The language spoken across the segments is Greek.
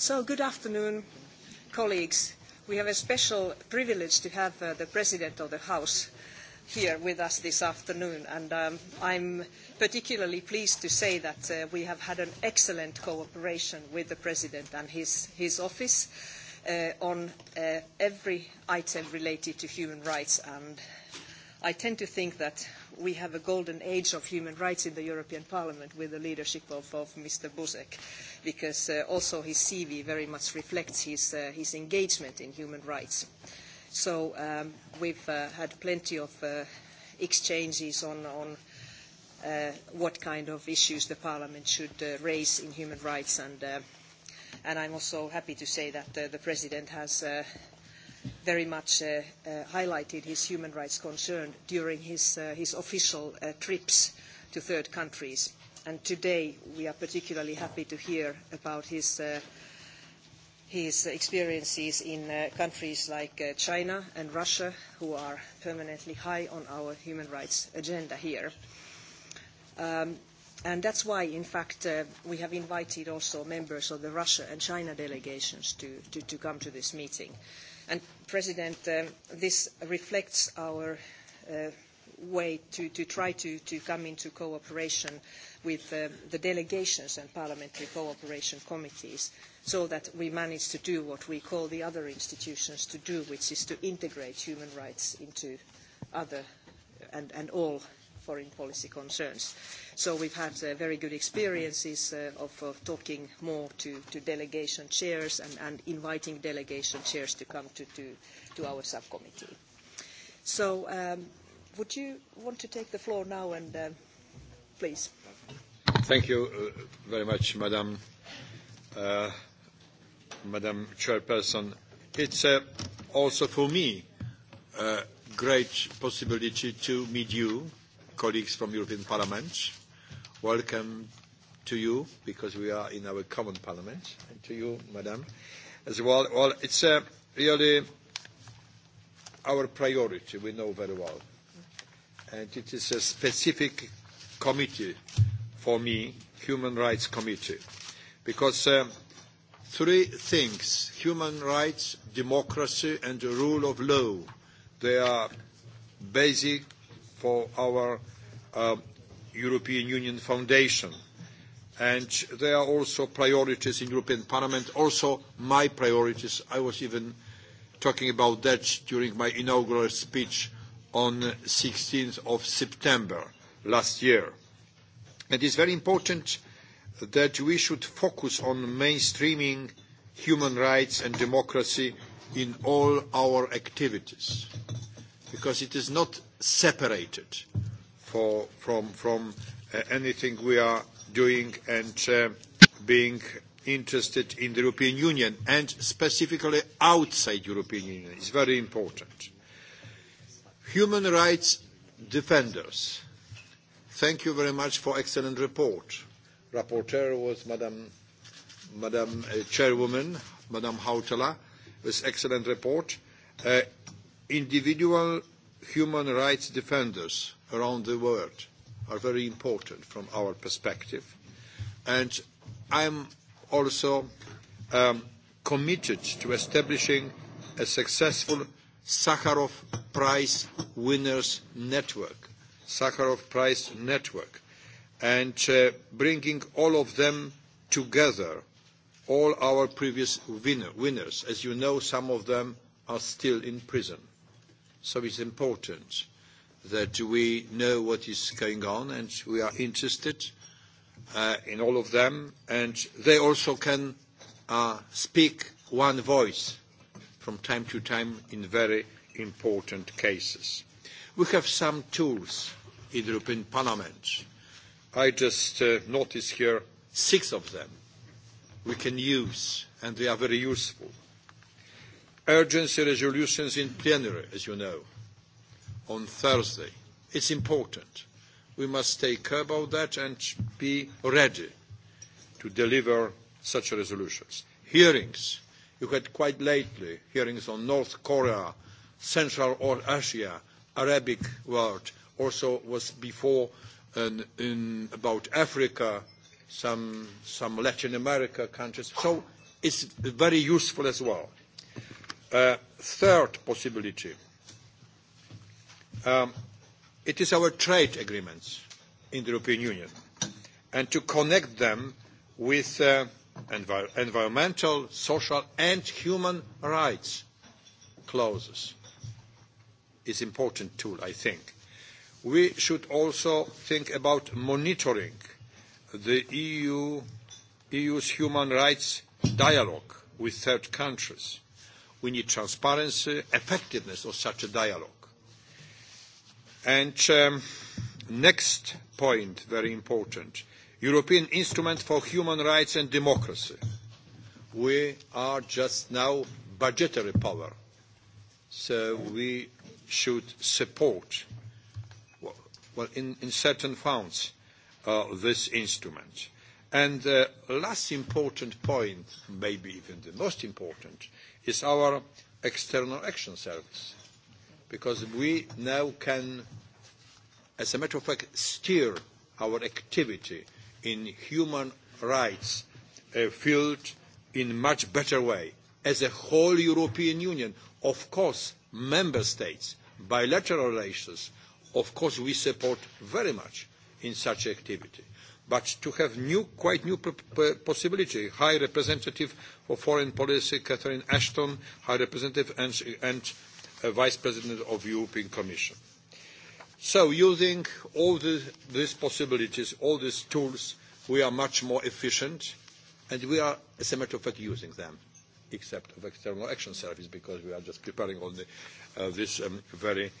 So good afternoon, colleagues. We have a special privilege to have the President of the House here with us this afternoon, and I'm particularly pleased to say that we have had an excellent cooperation with the President and his office on every item related to human rights, and I tend to think that we have a golden age of human rights in the European Parliament with the leadership of Mr. Buzek, because also his CV very much reflects his engagement in human rights. So we've had plenty of exchanges on what kind of issues the Parliament should raise in human rights, and I'm also happy to say that the President has very much highlighted his human rights concern during his official trips to third countries. And today we are particularly happy to hear about his experiences in countries like China and Russia, who are permanently high on our human rights agenda here. And that's why, in fact, we have invited also members of the Russia and China delegations to come to this meeting. And President, this reflects our way to try to come into cooperation with the delegations and parliamentary cooperation committees so that we manage to do what we call the other institutions to do, which is to integrate human rights into other and all foreign policy concerns. So we've had very good experiences of talking more to delegation chairs and inviting delegation chairs to come to our subcommittee. So would you want to take the floor now and please? Thank you very much, Madam Chairperson. It's also for me a great possibility to meet you colleagues from European Parliament. Welcome to you, because we are in our common Parliament, and to you, Madam, as well. Well, it's really our priority. We know very well, and it is a specific committee for me, Human Rights Committee, because three things: human rights, democracy, and the rule of law. They are basic for our European Union Foundation. And there are also priorities in European Parliament, also my priorities. I was even talking about that during my inaugural speech on 16th of September last year. It is very important that we should focus on mainstreaming human rights and democracy in all our activities because it is not separated from anything we are doing and being interested in the European Union and specifically outside the European Union. is very important. Human rights defenders, thank you very much for excellent report. Rapporteur was Madam Chairwoman, Madam Hautala, with excellent report individual human rights defenders around the world are very important from our perspective. And I am also committed to establishing a successful Sakharov Prize Winners Network, Sakharov Prize Network, and bringing all of them together, all our previous winners. As you know, some of them are still in prison So it is important that we know what is going on and we are interested in all of them and they also can speak one voice from time to time in very important cases. We have some tools in the European Parliament. I just noticed here six of them we can use and they are very useful urgency resolutions in plenary, as you know, on Thursday. It's important. We must take care about that and be ready to deliver such resolutions. Hearings. You had quite lately hearings on North Korea, Central or Asia, Arabic world. Also was before about Africa, some some Latin America countries. So it's very useful as well. Third possibility. It is our trade agreements in the European Union and to connect them with environmental, social and human rights clauses is an important tool, I think. We should also think about monitoring the EU's human rights dialogue with third countries We need transparency, effectiveness of such a dialogue. And next point, very important, European Instrument for Human Rights and Democracy. We are just now budgetary power, so we should support, well, in certain funds, this instrument. And the last important point, maybe even the most important, is our external action service because we now can as a matter of fact steer our activity in human rights field in a much better way as a whole european union of course member states bilateral relations of course we support very much in such activity but to have quite new possibilities, High Representative for Foreign Policy, Catherine Ashton, High Representative and Vice President of the European Commission. So using all these possibilities, all these tools, we are much more efficient, and we are, as a matter of fact, using them, except of External Action Service, because we are just preparing all these very,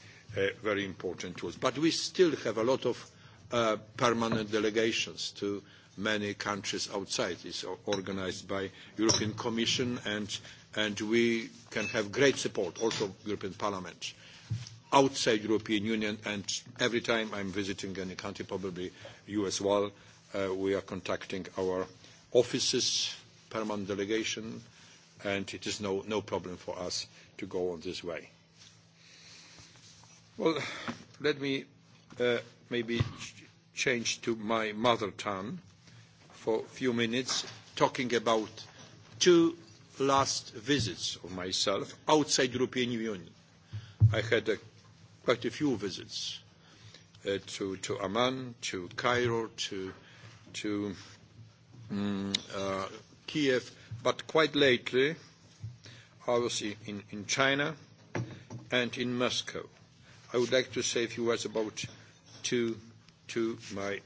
very important tools. But we still have a lot of permanent delegations to many countries outside. It's organized by European Commission and we can have great support, also European Parliament, outside European Union and every time I'm visiting any country, probably you as well, we are contacting our offices, permanent delegation, and it is no problem for us to go on this way. Well, let me maybe change to my mother tongue for a few minutes, talking about two last visits of myself outside the European Union. I had quite a few visits to to Amman, to Cairo, to to Kiev, but quite lately I was in China and in Moscow. I would like to say a few words about to my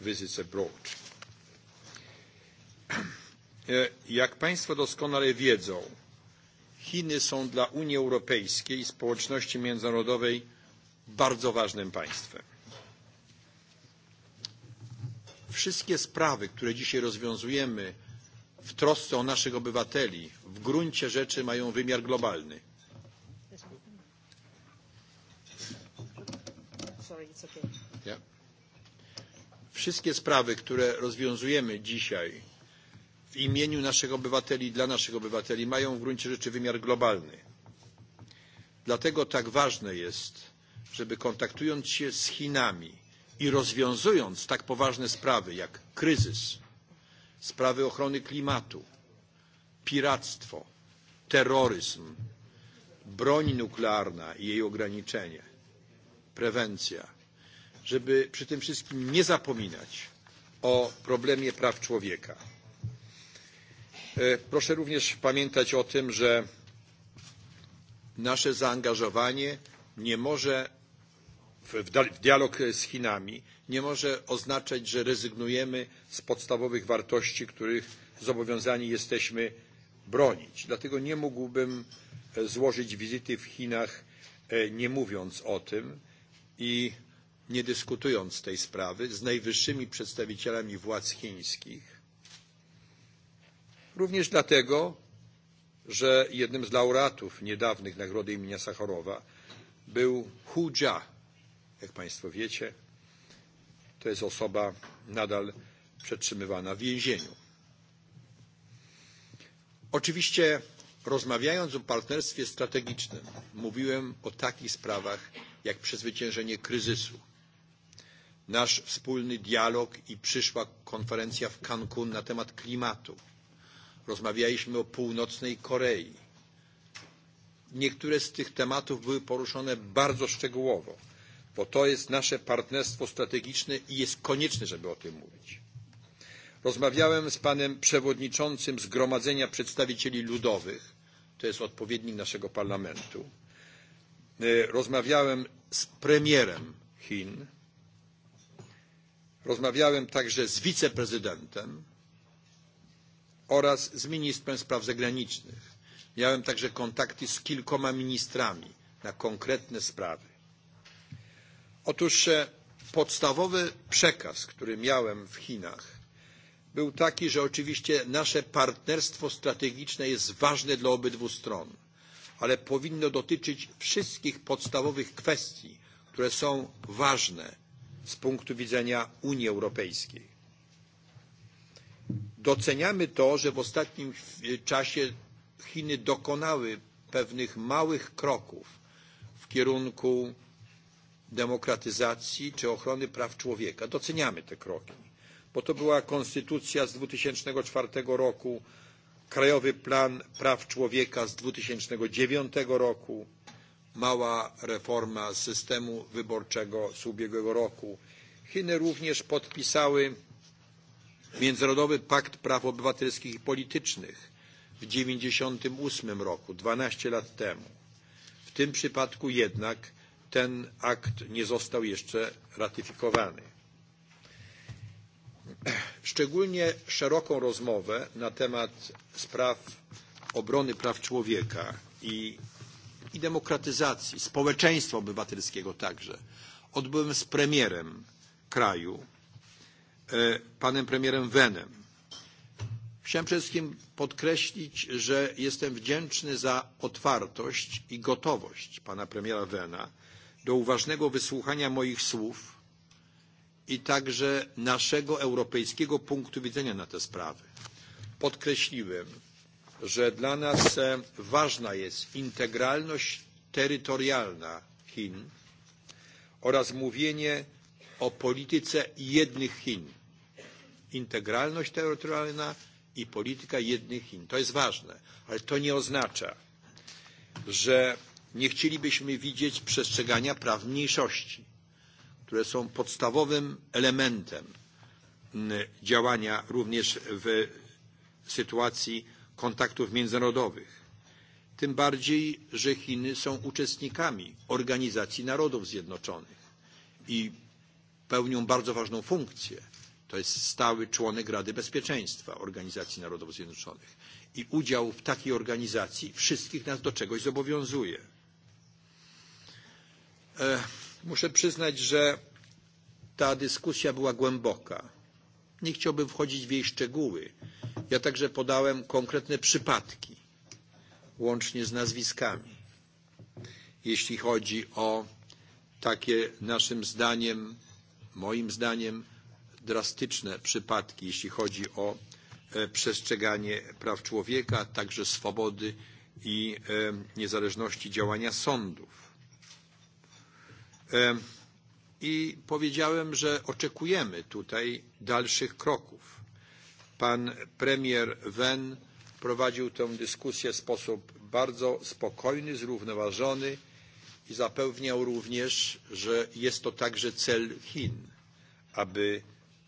visits abroad. Jak Państwo doskonale wiedzą, Chiny są dla Unii Europejskiej i społeczności międzynarodowej bardzo ważnym państwem. Wszystkie sprawy, które dzisiaj rozwiązujemy w trosce o naszych obywateli, w gruncie rzeczy mają wymiar globalny. Wszystkie sprawy, które rozwiązujemy dzisiaj w imieniu naszych obywateli, i dla naszych obywateli, mają w gruncie rzeczy wymiar globalny. Dlatego tak ważne jest, żeby kontaktując się z Chinami i rozwiązując tak poważne sprawy jak kryzys, sprawy ochrony klimatu, piractwo, terroryzm, broń nuklearna i jej ograniczenie, prewencja, żeby przy tym wszystkim nie zapominać o problemie praw człowieka. Proszę również pamiętać o tym, że nasze zaangażowanie nie może w dialog z Chinami nie może oznaczać, że rezygnujemy z podstawowych wartości, których zobowiązani jesteśmy bronić. Dlatego nie mógłbym złożyć wizyty w Chinach nie mówiąc o tym i nie dyskutując tej sprawy z najwyższymi przedstawicielami władz chińskich, również dlatego, że jednym z laureatów niedawnych nagrody imienia Sacharowa był Hu Jia. Jak Państwo wiecie, to jest osoba nadal przetrzymywana w więzieniu. Oczywiście rozmawiając o partnerstwie strategicznym mówiłem o takich sprawach jak przezwyciężenie kryzysu nasz wspólny dialog i przyszła konferencja w Cancun na temat klimatu. Rozmawialiśmy o północnej Korei. Niektóre z tych tematów były poruszone bardzo szczegółowo, bo to jest nasze partnerstwo strategiczne i jest konieczne, żeby o tym mówić. Rozmawiałem z panem przewodniczącym Zgromadzenia Przedstawicieli Ludowych, to jest odpowiednik naszego parlamentu. Rozmawiałem z premierem Chin Rozmawiałem także z wiceprezydentem oraz z ministrem spraw zagranicznych. Miałem także kontakty z kilkoma ministrami na konkretne sprawy. Otóż podstawowy przekaz, który miałem w Chinach, był taki, że oczywiście nasze partnerstwo strategiczne jest ważne dla obydwu stron, ale powinno dotyczyć wszystkich podstawowych kwestii, które są ważne z punktu widzenia Unii Europejskiej. Doceniamy to, że w ostatnim czasie Chiny dokonały pewnych małych kroków w kierunku demokratyzacji czy ochrony praw człowieka. Doceniamy te kroki, bo to była konstytucja z 2004 roku, Krajowy Plan Praw Człowieka z 2009 roku, mała reforma systemu wyborczego z ubiegłego roku. Chiny również podpisały Międzynarodowy Pakt Praw Obywatelskich i Politycznych w 1998 roku, 12 lat temu. W tym przypadku jednak ten akt nie został jeszcze ratyfikowany. Szczególnie szeroką rozmowę na temat spraw obrony praw człowieka i i demokratyzacji, społeczeństwa obywatelskiego także. Odbyłem z premierem kraju, panem premierem Wenem. Chciałem przede wszystkim podkreślić, że jestem wdzięczny za otwartość i gotowość pana premiera Wena do uważnego wysłuchania moich słów i także naszego europejskiego punktu widzenia na te sprawy. Podkreśliłem, że dla nas ważna jest integralność terytorialna Chin oraz mówienie o polityce jednych Chin. Integralność terytorialna i polityka jednych Chin. To jest ważne, ale to nie oznacza, że nie chcielibyśmy widzieć przestrzegania praw mniejszości, które są podstawowym elementem działania również w sytuacji kontaktów międzynarodowych. Tym bardziej, że Chiny są uczestnikami Organizacji Narodów Zjednoczonych i pełnią bardzo ważną funkcję. To jest stały członek Rady Bezpieczeństwa Organizacji Narodów Zjednoczonych. I udział w takiej organizacji wszystkich nas do czegoś zobowiązuje. Muszę przyznać, że ta dyskusja była głęboka. Nie chciałbym wchodzić w jej szczegóły. Ja także podałem konkretne przypadki, łącznie z nazwiskami, jeśli chodzi o takie naszym zdaniem, moim zdaniem, drastyczne przypadki, jeśli chodzi o przestrzeganie praw człowieka, także swobody i niezależności działania sądów. I powiedziałem, że oczekujemy tutaj dalszych kroków. Pan premier Wen prowadził tę dyskusję w sposób bardzo spokojny, zrównoważony i zapewniał również, że jest to także cel Chin, aby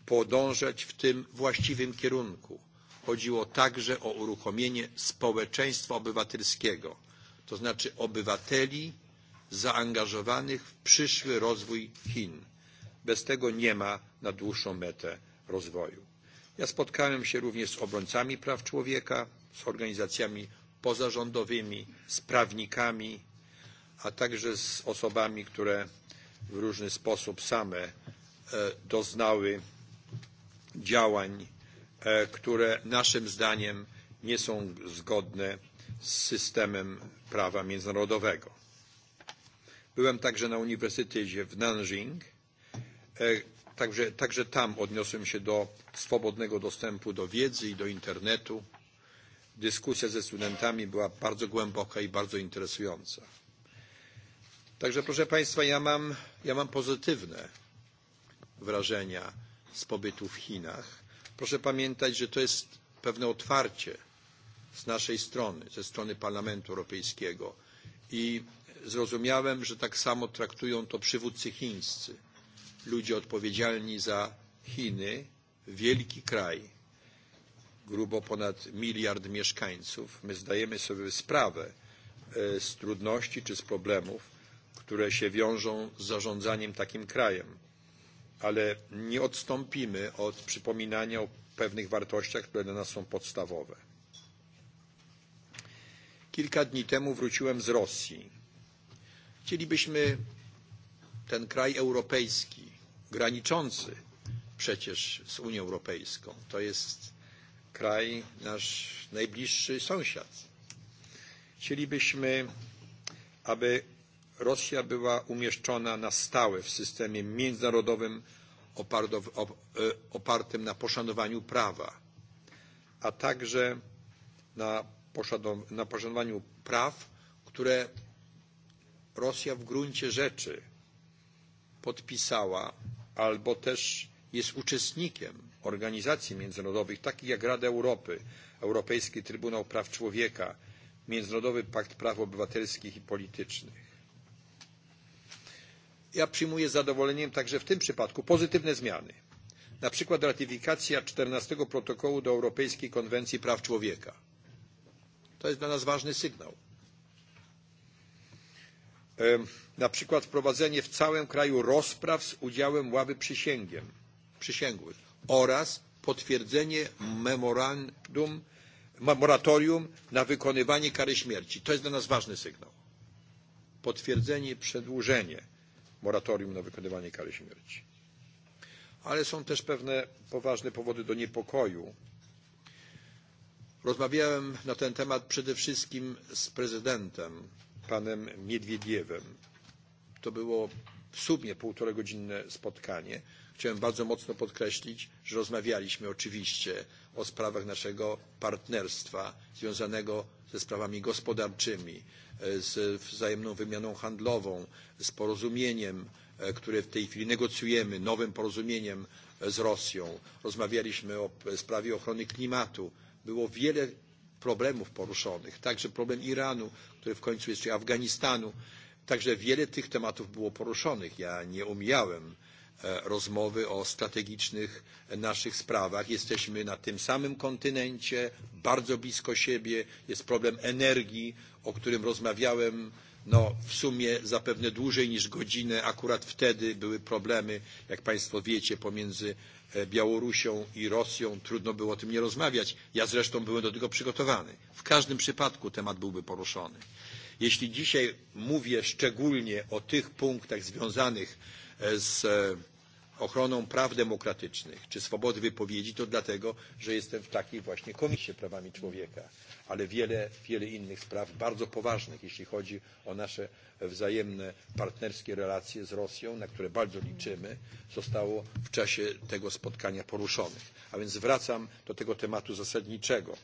podążać w tym właściwym kierunku. Chodziło także o uruchomienie społeczeństwa obywatelskiego, to znaczy obywateli zaangażowanych w przyszły rozwój Chin. Bez tego nie ma na dłuższą metę rozwoju. Ja spotkałem się również z obrońcami praw człowieka, z organizacjami pozarządowymi, z prawnikami, a także z osobami, które w różny sposób same doznały działań, które naszym zdaniem nie są zgodne z systemem prawa międzynarodowego. Byłem także na Uniwersytecie w Nanjing, Także, także tam odniosłem się do swobodnego dostępu do wiedzy i do internetu. Dyskusja ze studentami była bardzo głęboka i bardzo interesująca. Także proszę Państwa, ja mam, ja mam pozytywne wrażenia z pobytu w Chinach. Proszę pamiętać, że to jest pewne otwarcie z naszej strony, ze strony Parlamentu Europejskiego i zrozumiałem, że tak samo traktują to przywódcy chińscy ludzie odpowiedzialni za Chiny, wielki kraj, grubo ponad miliard mieszkańców, my zdajemy sobie sprawę z trudności czy z problemów, które się wiążą z zarządzaniem takim krajem. Ale nie odstąpimy od przypominania o pewnych wartościach, które dla nas są podstawowe. Kilka dni temu wróciłem z Rosji. Chcielibyśmy ten kraj europejski, graniczący przecież z Unią Europejską, to jest kraj nasz najbliższy sąsiad. Chcielibyśmy, aby Rosja była umieszczona na stałe w systemie międzynarodowym opartym na poszanowaniu prawa, a także na poszanowaniu praw, które Rosja w gruncie rzeczy podpisała albo też jest uczestnikiem organizacji międzynarodowych takich jak Rada Europy, Europejski Trybunał Praw Człowieka, Międzynarodowy Pakt Praw Obywatelskich i Politycznych. Ja przyjmuję z zadowoleniem także w tym przypadku pozytywne zmiany. Na przykład ratyfikacja 14 protokołu do Europejskiej Konwencji Praw Człowieka. To jest dla nas ważny sygnał na przykład wprowadzenie w całym kraju rozpraw z udziałem ławy przysięgłych oraz potwierdzenie moratorium na wykonywanie kary śmierci. To jest dla nas ważny sygnał. Potwierdzenie przedłużenie moratorium na wykonywanie kary śmierci. Ale są też pewne poważne powody do niepokoju. Rozmawiałem na ten temat przede wszystkim z prezydentem panem Miedwiediewem. To było w sumie półtoregodzinne spotkanie. Chciałem bardzo mocno podkreślić, że rozmawialiśmy oczywiście o sprawach naszego partnerstwa związanego ze sprawami gospodarczymi, z wzajemną wymianą handlową, z porozumieniem, które w tej chwili negocjujemy, nowym porozumieniem z Rosją. Rozmawialiśmy o sprawie ochrony klimatu. Było wiele problemów poruszonych, także problem Iranu, który w końcu jest, czy Afganistanu. Także wiele tych tematów było poruszonych. Ja nie omijałem rozmowy o strategicznych naszych sprawach. Jesteśmy na tym samym kontynencie, bardzo blisko siebie. Jest problem energii, o którym rozmawiałem No, w sumie zapewne dłużej niż godzinę. Akurat wtedy były problemy, jak Państwo wiecie, pomiędzy Białorusią i Rosją. Trudno było o tym nie rozmawiać. Ja zresztą byłem do tego przygotowany. W każdym przypadku temat byłby poruszony. Jeśli dzisiaj mówię szczególnie o tych punktach związanych z ochroną praw demokratycznych czy swobody wypowiedzi, to dlatego, że jestem w takiej właśnie Komisji Prawami Człowieka ale wiele, wiele innych spraw bardzo poważnych, jeśli chodzi o nasze wzajemne partnerskie relacje z Rosją, na które bardzo liczymy, zostało w czasie tego spotkania poruszonych. A więc wracam do tego tematu zasadniczego.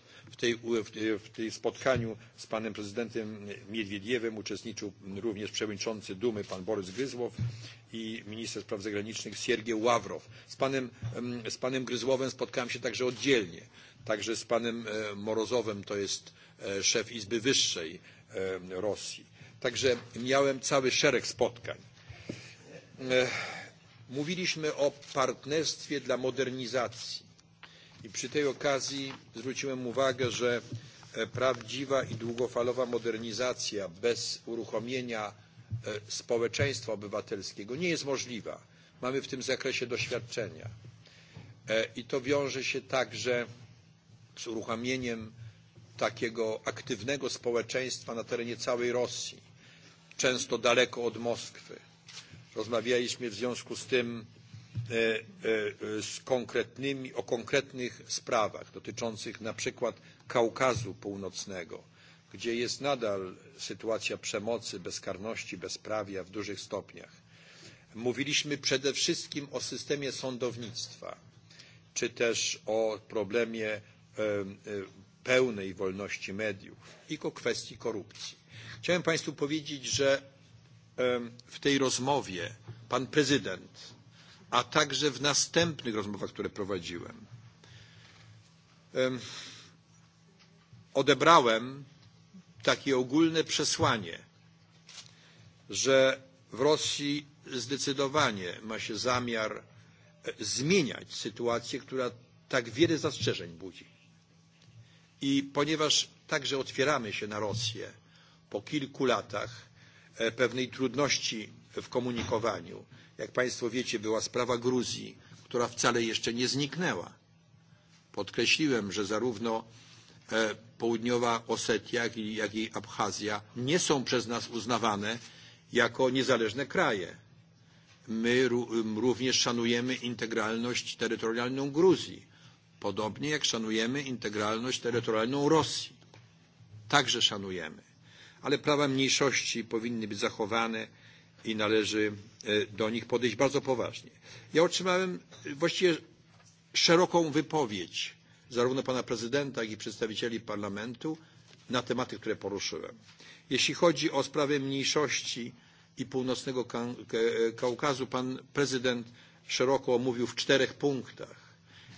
W tej spotkaniu z panem prezydentem Miedwiediewem uczestniczył również przewodniczący Dumy pan Borys Gryzłow i minister spraw zagranicznych Siergiej Ławrow. Z panem Gryzłowem spotkałem się także oddzielnie także z panem Morozowem, to jest szef Izby Wyższej Rosji. Także miałem cały szereg spotkań. Mówiliśmy o partnerstwie dla modernizacji i przy tej okazji zwróciłem uwagę, że prawdziwa i długofalowa modernizacja bez uruchomienia społeczeństwa obywatelskiego nie jest możliwa. Mamy w tym zakresie doświadczenia i to wiąże się także z uruchomieniem takiego aktywnego społeczeństwa na terenie całej Rosji, często daleko od Moskwy. Rozmawialiśmy w związku z tym z konkretnymi o konkretnych sprawach dotyczących na przykład Kaukazu Północnego, gdzie jest nadal sytuacja przemocy, bezkarności, bezprawia w dużych stopniach. Mówiliśmy przede wszystkim o systemie sądownictwa, czy też o problemie pełnej wolności mediów i o kwestii korupcji. Chciałem Państwu powiedzieć, że w tej rozmowie pan prezydent, a także w następnych rozmowach, które prowadziłem, odebrałem takie ogólne przesłanie, że w Rosji zdecydowanie ma się zamiar zmieniać sytuację, która tak wiele zastrzeżeń budzi. I ponieważ także otwieramy się na Rosję po kilku latach pewnej trudności w komunikowaniu, jak Państwo wiecie, była sprawa Gruzji, która wcale jeszcze nie zniknęła. Podkreśliłem, że zarówno południowa Osetia, jak i Abchazja nie są przez nas uznawane jako niezależne kraje. My również szanujemy integralność terytorialną Gruzji Podobnie jak szanujemy integralność terytorialną Rosji. Także szanujemy. Ale prawa mniejszości powinny być zachowane i należy do nich podejść bardzo poważnie. Ja otrzymałem właściwie szeroką wypowiedź zarówno pana prezydenta, jak i przedstawicieli parlamentu na tematy, które poruszyłem. Jeśli chodzi o sprawę mniejszości i Północnego Kaukazu, pan prezydent szeroko omówił w czterech punktach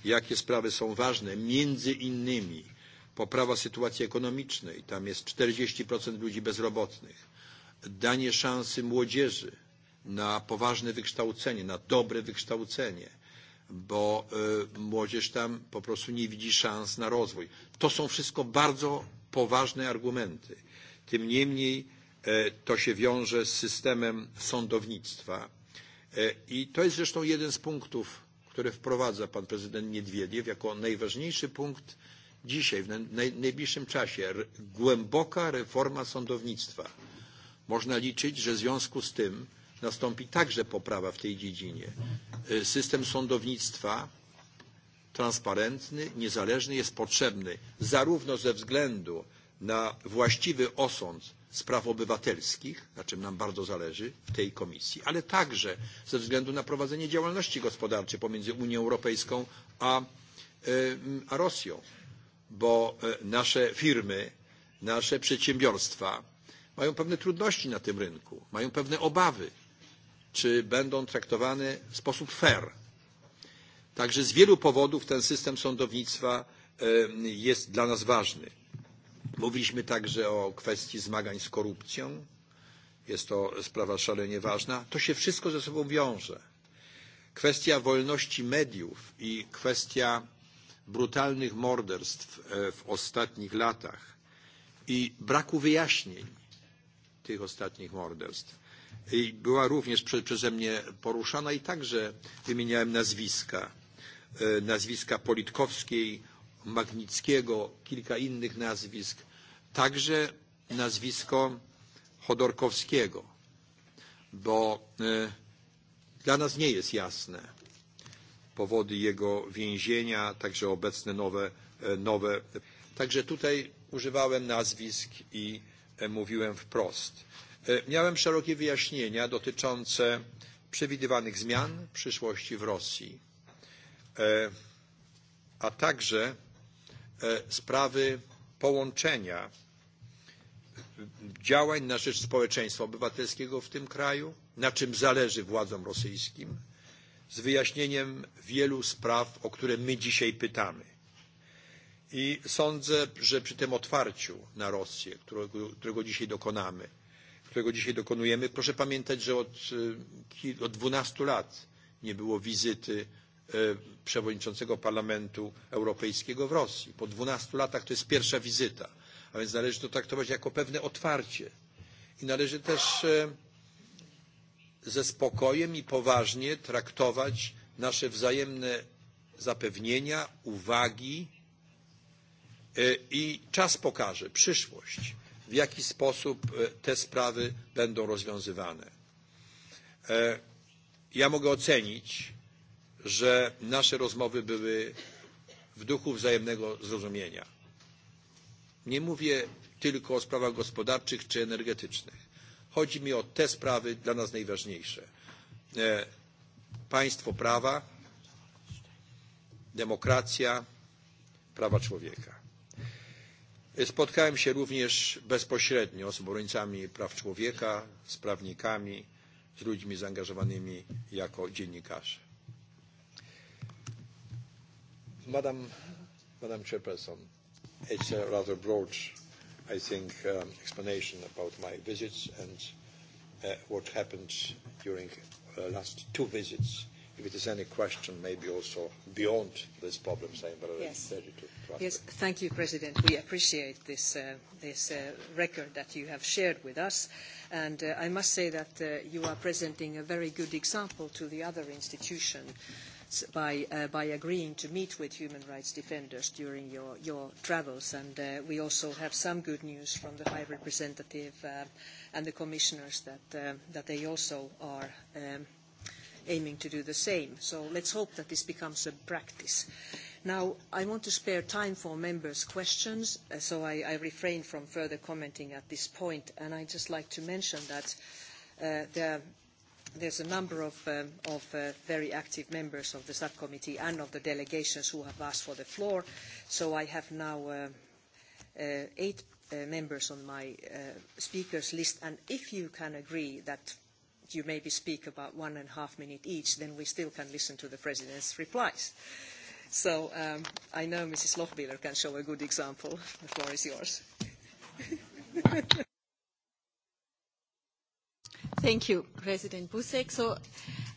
jakie sprawy są ważne, między innymi poprawa sytuacji ekonomicznej, tam jest 40% ludzi bezrobotnych, danie szansy młodzieży na poważne wykształcenie, na dobre wykształcenie, bo młodzież tam po prostu nie widzi szans na rozwój. To są wszystko bardzo poważne argumenty. Tym niemniej to się wiąże z systemem sądownictwa i to jest zresztą jeden z punktów które wprowadza pan prezydent Niedwiediew jako najważniejszy punkt dzisiaj, w najbliższym czasie. Głęboka reforma sądownictwa. Można liczyć, że w związku z tym nastąpi także poprawa w tej dziedzinie. System sądownictwa transparentny, niezależny jest potrzebny zarówno ze względu na właściwy osąd Spraw Obywatelskich, na czym nam bardzo zależy w tej komisji, ale także ze względu na prowadzenie działalności gospodarczej pomiędzy Unią Europejską a Rosją, bo nasze firmy, nasze przedsiębiorstwa mają pewne trudności na tym rynku, mają pewne obawy, czy będą traktowane w sposób fair. Także z wielu powodów ten system sądownictwa jest dla nas ważny. Mówiliśmy także o kwestii zmagań z korupcją. Jest to sprawa szalenie ważna. To się wszystko ze sobą wiąże. Kwestia wolności mediów i kwestia brutalnych morderstw w ostatnich latach i braku wyjaśnień tych ostatnich morderstw była również przeze mnie poruszana i także wymieniałem nazwiska. Nazwiska Politkowskiej, Magnickiego, kilka innych nazwisk także nazwisko Chodorkowskiego, bo dla nas nie jest jasne powody jego więzienia, także obecne nowe, nowe. Także tutaj używałem nazwisk i mówiłem wprost. Miałem szerokie wyjaśnienia dotyczące przewidywanych zmian w przyszłości w Rosji, a także sprawy połączenia działań na rzecz społeczeństwa obywatelskiego w tym kraju, na czym zależy władzom rosyjskim, z wyjaśnieniem wielu spraw, o które my dzisiaj pytamy. I sądzę, że przy tym otwarciu na Rosję, którego dzisiaj dokonamy, którego dzisiaj dokonujemy, proszę pamiętać, że od 12 lat nie było wizyty przewodniczącego Parlamentu Europejskiego w Rosji. Po 12 latach to jest pierwsza wizyta. A więc należy to traktować jako pewne otwarcie. I należy też ze spokojem i poważnie traktować nasze wzajemne zapewnienia, uwagi i czas pokaże, przyszłość, w jaki sposób te sprawy będą rozwiązywane. Ja mogę ocenić, że nasze rozmowy były w duchu wzajemnego zrozumienia. Nie mówię tylko o sprawach gospodarczych czy energetycznych. Chodzi mi o te sprawy dla nas najważniejsze. Państwo prawa, demokracja, prawa człowieka. Spotkałem się również bezpośrednio z obrońcami praw człowieka, z prawnikami, z ludźmi zaangażowanymi jako dziennikarze. Madam Chairperson, It's a rather broad, I think, explanation about my visits and what happened during the last two visits. If it is any question, maybe also beyond this problem, I am ready to trust. Yes, thank you, President. We appreciate this record that you have shared with us. And I must say that you are presenting a very good example to the other institution by agreeing to meet with human rights defenders during your travels. And we also have some good news from the High Representative and the Commissioners that they also are aiming to do the same. So let's hope that this becomes a practice. Now, I want to spare time for members' questions, so I refrain from further commenting at this point. And I'd just like to mention that the there's a number of very active members of the subcommittee and of the delegations who have asked for the floor. So I have now eight members on my speakers list. And if you can agree that you maybe speak about one and a half minute each, then we still can listen to the President's replies. So I know Mrs. Lochbiller can show a good example. The floor is yours. Thank you, President Buzek. So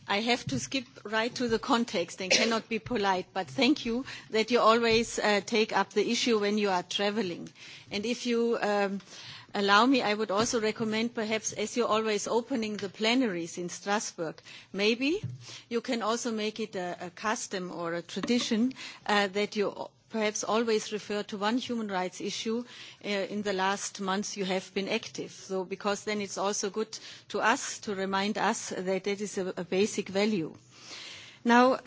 I have to skip right to the context and cannot be polite, but thank you that you always take up the issue when you are travelling. And if you allow me, I would also recommend perhaps as you're always opening the plenaries in Strasbourg, maybe you can also make it a custom or a tradition that you perhaps always refer to one human rights issue. In the last months you have been active, so because then it's also good to us to remind us that that is a basic value. Now.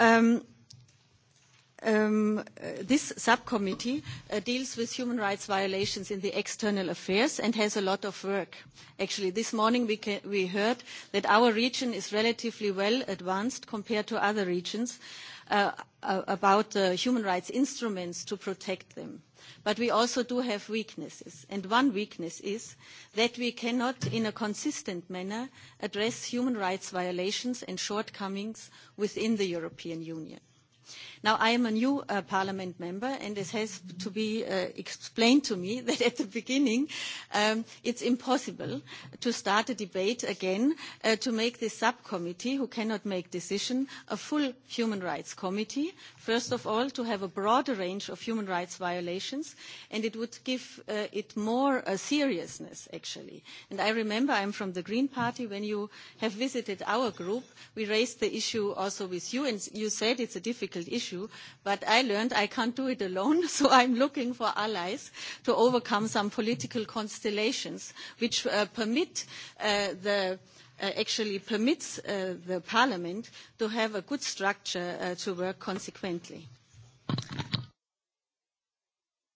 This subcommittee deals with human rights violations in the external affairs and has a lot of work. Actually, this morning we heard that our region is relatively well advanced compared to other regions about the human rights instruments to protect them. But we also do have weaknesses. And one weakness is that we cannot, in a consistent manner, address human rights violations and shortcomings within the European Union. Now, I am a new Parliament member, and this has to be explained to me that at the beginning it's impossible to start a debate again to make this subcommittee, who cannot make decision, a full human rights committee. First of all, to have a broader range of human rights violations, and it would give it more seriousness, actually. And I remember, I'm from the Green Party, when you have visited our group, we raised the issue also with you, and you said it's a difficult issue but I learned I can't do it alone, so I'm looking for allies to overcome some political constellations which permit actually permits the Parliament to have a good structure to work consequently.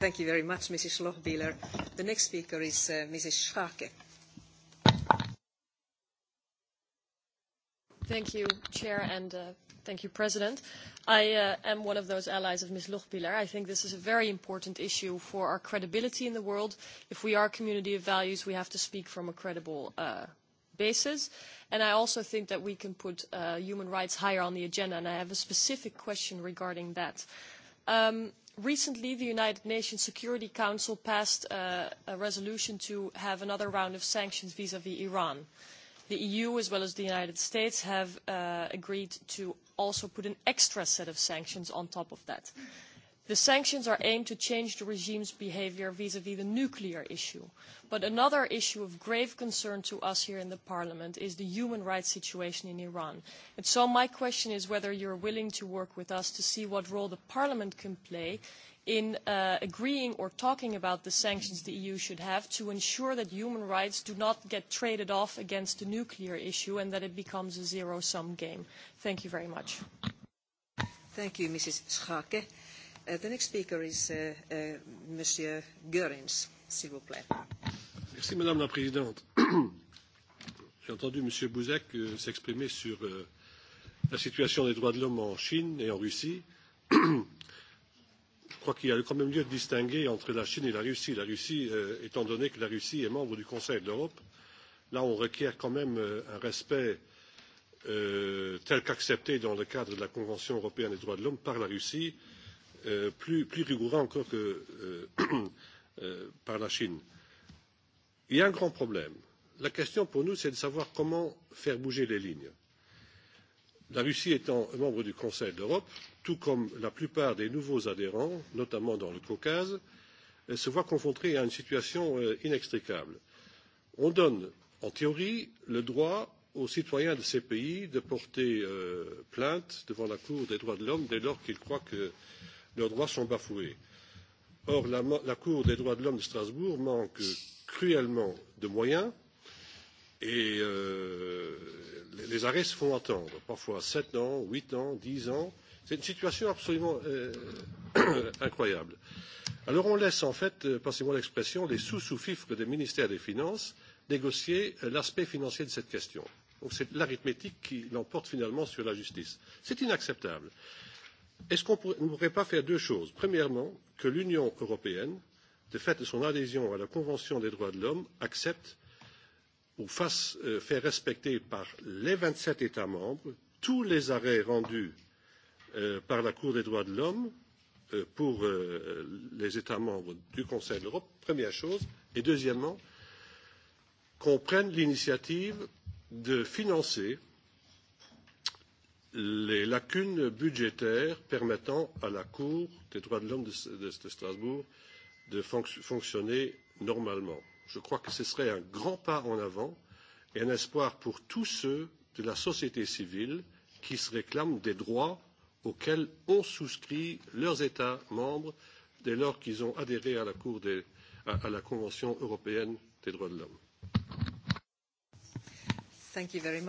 Thank you very much, Mrs. The next speaker is Mrs. Thank you, Chair, and Mr President, I am one of those allies of Ms Lochbihler. I think this is a very important issue for our credibility in the world. If we are a community of values, we have to speak from a credible basis. And I also think that we can put human rights higher on the agenda, and I have a specific question regarding that. Recently, the United Nations Security Council passed a resolution to have another round of sanctions vis-à-vis Iran. The EU, as well as the United States, have agreed to also put an extra set of sanctions on top of that. The sanctions are aimed to change the regime's behaviour vis-à-vis the nuclear issue. But another issue of grave concern to us here in the Parliament is the human rights situation in Iran. And so my question is whether you're willing to work with us to see what role the Parliament can play in agreeing or talking about the sanctions the EU should have to ensure that human rights do not get traded off against the nuclear issue and that it becomes a zero-sum game. Thank you very much. Thank you, Mrs. Schake. The next speaker is Monsieur Goerens, s'il vous plaît. Merci, Madame la Présidente. J'ai entendu Monsieur Bouzek s'exprimer sur la situation des droits de l'homme en Chine et en Russie Je crois qu'il y a quand même lieu de distinguer entre la Chine et la Russie. La Russie, étant donné que la Russie est membre du Conseil de l'Europe, là on requiert quand même un respect tel qu'accepté dans le cadre de la Convention européenne des droits de l'homme par la Russie, plus rigoureux encore que par la Chine. Il y a un grand problème. La question pour nous, c'est de savoir comment faire bouger les lignes la russie étant membre du conseil de l'europe tout comme la plupart des nouveaux adhérents notamment dans le caucase se voit confrontée à une situation inextricable. on donne en théorie le droit aux citoyens de ces pays de porter plainte devant la cour des droits de l'homme dès lors qu'ils croient que leurs droits sont bafoués. or la cour des droits de l'homme de strasbourg manque cruellement de moyens Et les arrêts se font attendre, parfois sept ans, huit ans, dix ans. C'est une situation absolument incroyable. Alors on laisse en fait, passez-moi l'expression, les sous-sous-fifres des ministères des Finances négocier l'aspect financier de cette question. Donc c'est l'arithmétique qui l'emporte finalement sur la justice. C'est inacceptable. Est-ce qu'on ne pourrait pas faire deux choses Premièrement, que l'Union européenne, de fait de son adhésion à la Convention des droits de l'homme, accepte fasse faire respecter par les vingt sept états membres tous les arrêts rendus par la cour des droits de l'homme pour les états membres du conseil de l'europe première chose et deuxièmement qu'on prenne l'initiative de financer les lacunes budgétaires permettant à la cour des droits de l'homme de strasbourg de fonctionner normalement je crois que ce serait un grand pas en avant et un espoir pour tous ceux de la société civile qui se réclament des droits auxquels ont souscrit leurs États membres dès lors qu'ils ont adhéré à la Cour la Convention européenne des droits de l'homme. Thank you very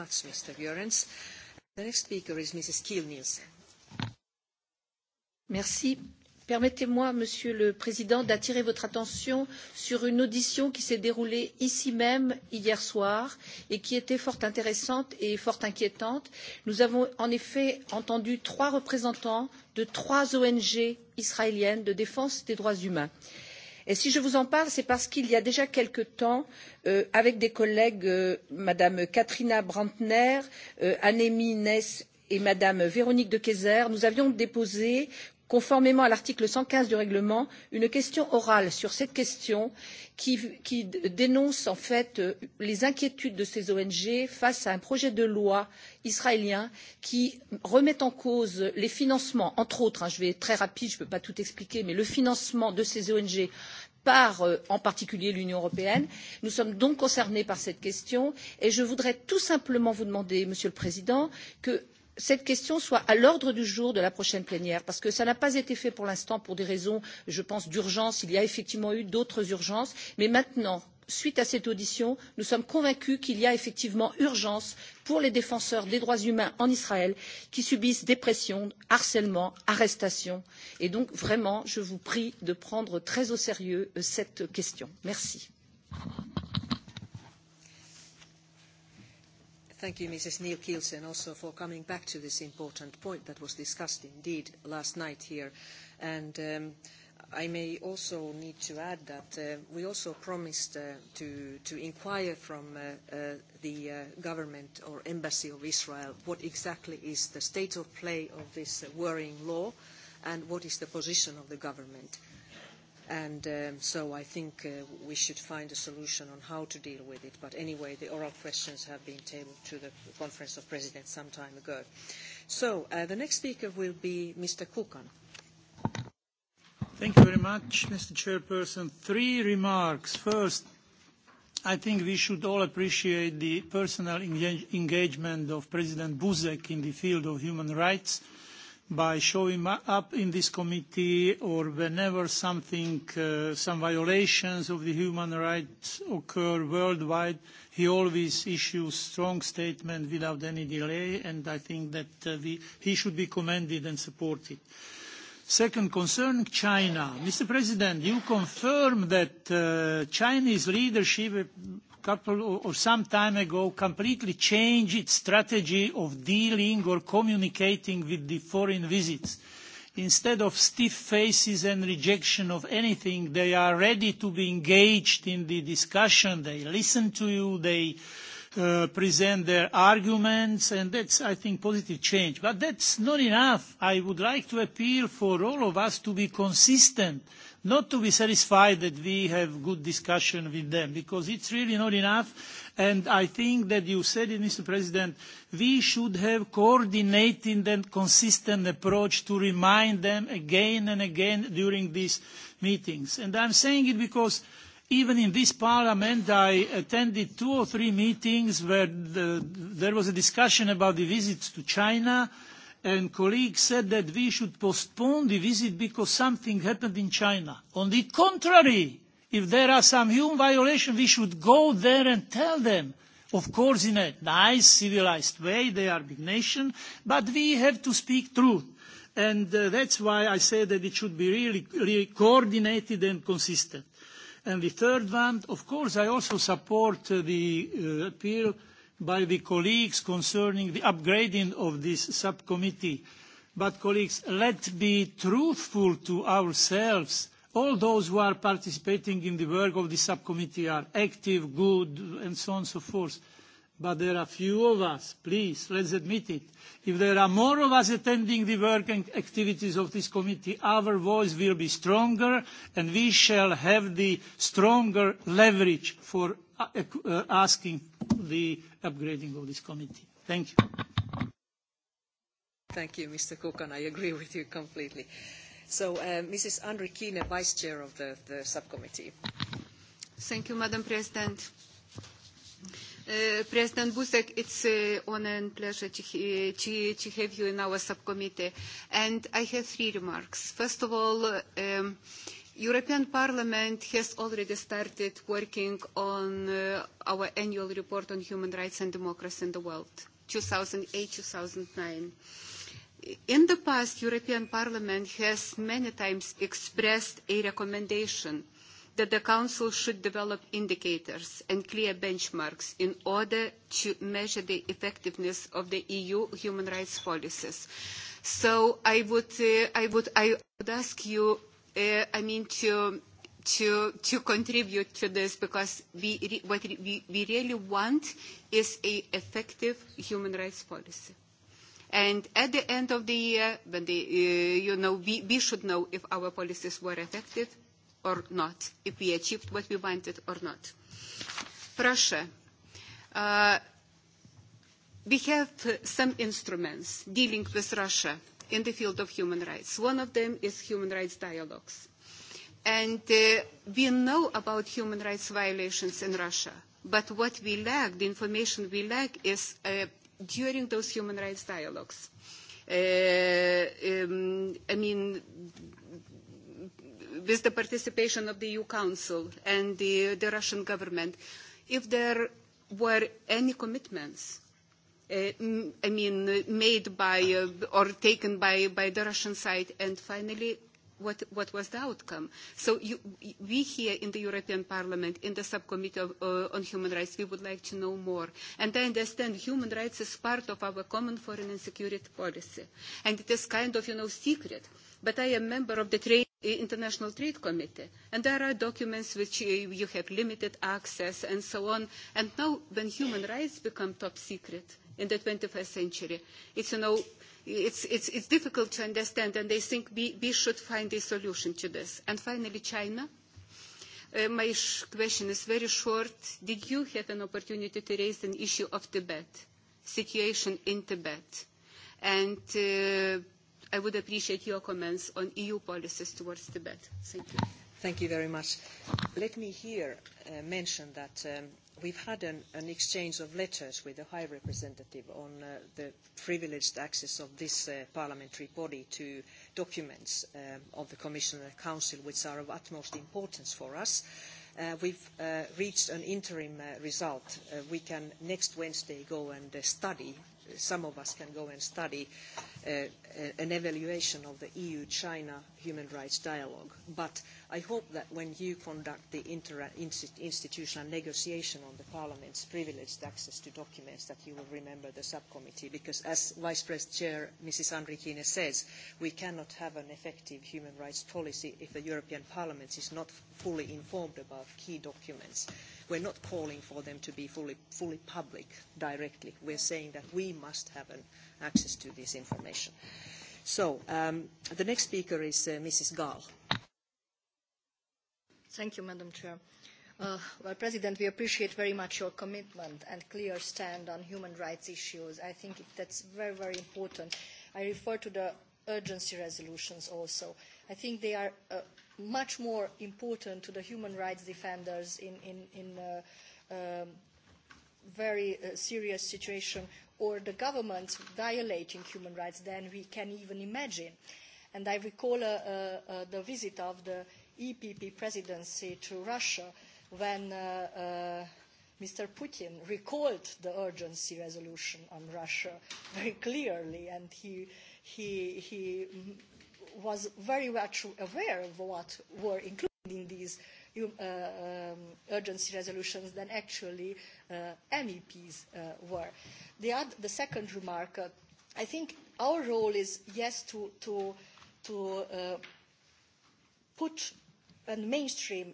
permettez moi monsieur le président d'attirer votre attention sur une audition qui s'est déroulée ici même hier soir et qui était fort intéressante et fort inquiétante. nous avons en effet entendu trois représentants de trois ong israéliennes de défense des droits humains. Et si je vous en parle, c'est parce qu'il y a déjà quelque temps, avec des collègues, Mme Katrina Brantner, Annemie Ness et Mme Véronique de Keyser, nous avions déposé conformément à l'article cent quinze du règlement une question orale sur cette question qui dénonce en fait les inquiétudes de ces ong face à un projet de loi israélien qui remet en cause les financements entre autres je vais être très rapide je ne peux pas tout expliquer mais le financement de ces ong par en particulier l'union européenne. nous sommes donc concernés par cette question et je voudrais tout simplement vous demander monsieur le président que cette question soit à l'ordre du jour de la prochaine plénière parce que cela n'a pas été fait pour l'instant pour des raisons je pense d'urgence il y a effectivement eu d'autres urgences mais maintenant suite à cette audition nous sommes convaincus qu'il y a effectivement urgence pour les défenseurs des droits humains en israël qui subissent des harcèlement arrestations et donc vraiment je vous prie de prendre très au sérieux cette question. merci. Thank you, Mrs. Neil Kielsen, also for coming back to this important point that was discussed indeed last night here. And I may also need to add that we also promised to inquire from the government or embassy of Israel what exactly is the state of play of this worrying law and what is the position of the government. And so I think we should find a solution on how to deal with it. But anyway, the oral questions have been tabled to the Conference of Presidents some time ago. So the next speaker will be Mr. Kukan. Thank you very much, Mr. Chairperson. Three remarks. First, I think we should all appreciate the personal engagement of President Buzek in the field of human rights by showing up in this committee or whenever something, some violations of the human rights occur worldwide, he always issues strong statement without any delay, and I think that he should be commended and supported. Second, concerning China, Mr. President, you confirm that Chinese leadership couple or some time ago completely changed its strategy of dealing or communicating with the foreign visits. Instead of stiff faces and rejection of anything, they are ready to be engaged in the discussion. They listen to you, they present their arguments, and that's, I think, positive change. But that's not enough. I would like to appeal for all of us to be consistent not to be satisfied that we have good discussion with them, because it's really not enough. And I think that you said it, Mr. President, we should have coordinated and consistent approach to remind them again and again during these meetings. And I'm saying it because even in this parliament i attended two or three meetings where there was a discussion about the visits to china and colleagues said that we should postpone the visit because something happened in China. On the contrary, if there are some human violations, we should go there and tell them. Of course, in a nice, civilized way, they are big nation, but we have to speak truth. And that's why I say that it should be really coordinated and consistent. And the third one, of course, I also support the appeal by the colleagues concerning the upgrading of this subcommittee. But, colleagues, let's be truthful to ourselves. All those who are participating in the work of the subcommittee are active, good, and so on and so forth. But there are few of us, please, let's admit it. If there are more of us attending the work and activities of this committee, our voice will be stronger and we shall have the stronger leverage for asking the upgrading of this committee. Thank you. Thank you, Mr. Kukan. I agree with you completely. So, Mrs. Andrikine, Vice Chair of the Subcommittee. Thank you, Madam President. President Buzek, it's an honor and pleasure to have you in our subcommittee. And I have three remarks. First of all, European Parliament has already started working on our annual report on human rights and democracy in the world, 2008-2009. In the past, European Parliament has many times expressed a recommendation that the Council should develop indicators and clear benchmarks in order to measure the effectiveness of the EU human rights policies. So I would ask you I mean, to to to contribute to this because we what we really want is an effective human rights policy. And at the end of the year, when you know we we should know if our policies were effective or not, if we achieved what we wanted or not. Russia. We have some instruments dealing with Russia in the field of human rights. One of them is human rights dialogues. And we know about human rights violations in Russia, but what we lack, the information we lack, is during those human rights dialogues. I mean, with the participation of the EU Council and the Russian government, if there were any commitments I mean, made by or taken by by the Russian side, and finally, what what was the outcome? So we here in the European Parliament, in the subcommittee on human rights, we would like to know more. And I understand human rights is part of our common foreign and security policy, and it is kind of, you know, secret. But I am a member of the International Trade Committee, and there are documents which you have limited access and so on. And now, when human rights become top secret in the 21st century. It's, difficult to understand, and they think we, we should find a solution to this. And finally, China. my question is very short. Did you have an opportunity to raise an issue of Tibet, situation in Tibet? And I would appreciate your comments on EU policies towards Tibet. Thank you. Thank you very much. Let me here mention that We've had an exchange of letters with the High Representative on the privileged access of this parliamentary body to documents of the Commission and Council, which are of utmost importance for us. We've reached an interim result. We can next Wednesday go and study some of us can go and study an evaluation of the EU-China human rights dialogue. But I hope that when you conduct the interinstitutional negotiation on the Parliament's privileged access to documents that you will remember the subcommittee, because as Vice President Chair Mrs. Andrikine says, we cannot have an effective human rights policy if the European Parliament is not fully informed about key documents We're not calling for them to be fully public directly. We are saying that we must have access to this information. So the next speaker is Mrs. Gall. Thank you, Madam Chair. Well, President, we appreciate very much your commitment and clear stand on human rights issues. I think that's very, very important. I refer to the urgency resolutions also. I think they are much more important to the human rights defenders in a very serious situation or the governments violating human rights than we can even imagine. And I recall the visit of the EPP presidency to Russia when Mr. Putin recalled the urgency resolution on Russia very clearly and he was very much aware of what were included in these urgency resolutions than actually MEPs were. The second remark, I think our role is, yes, to put and mainstream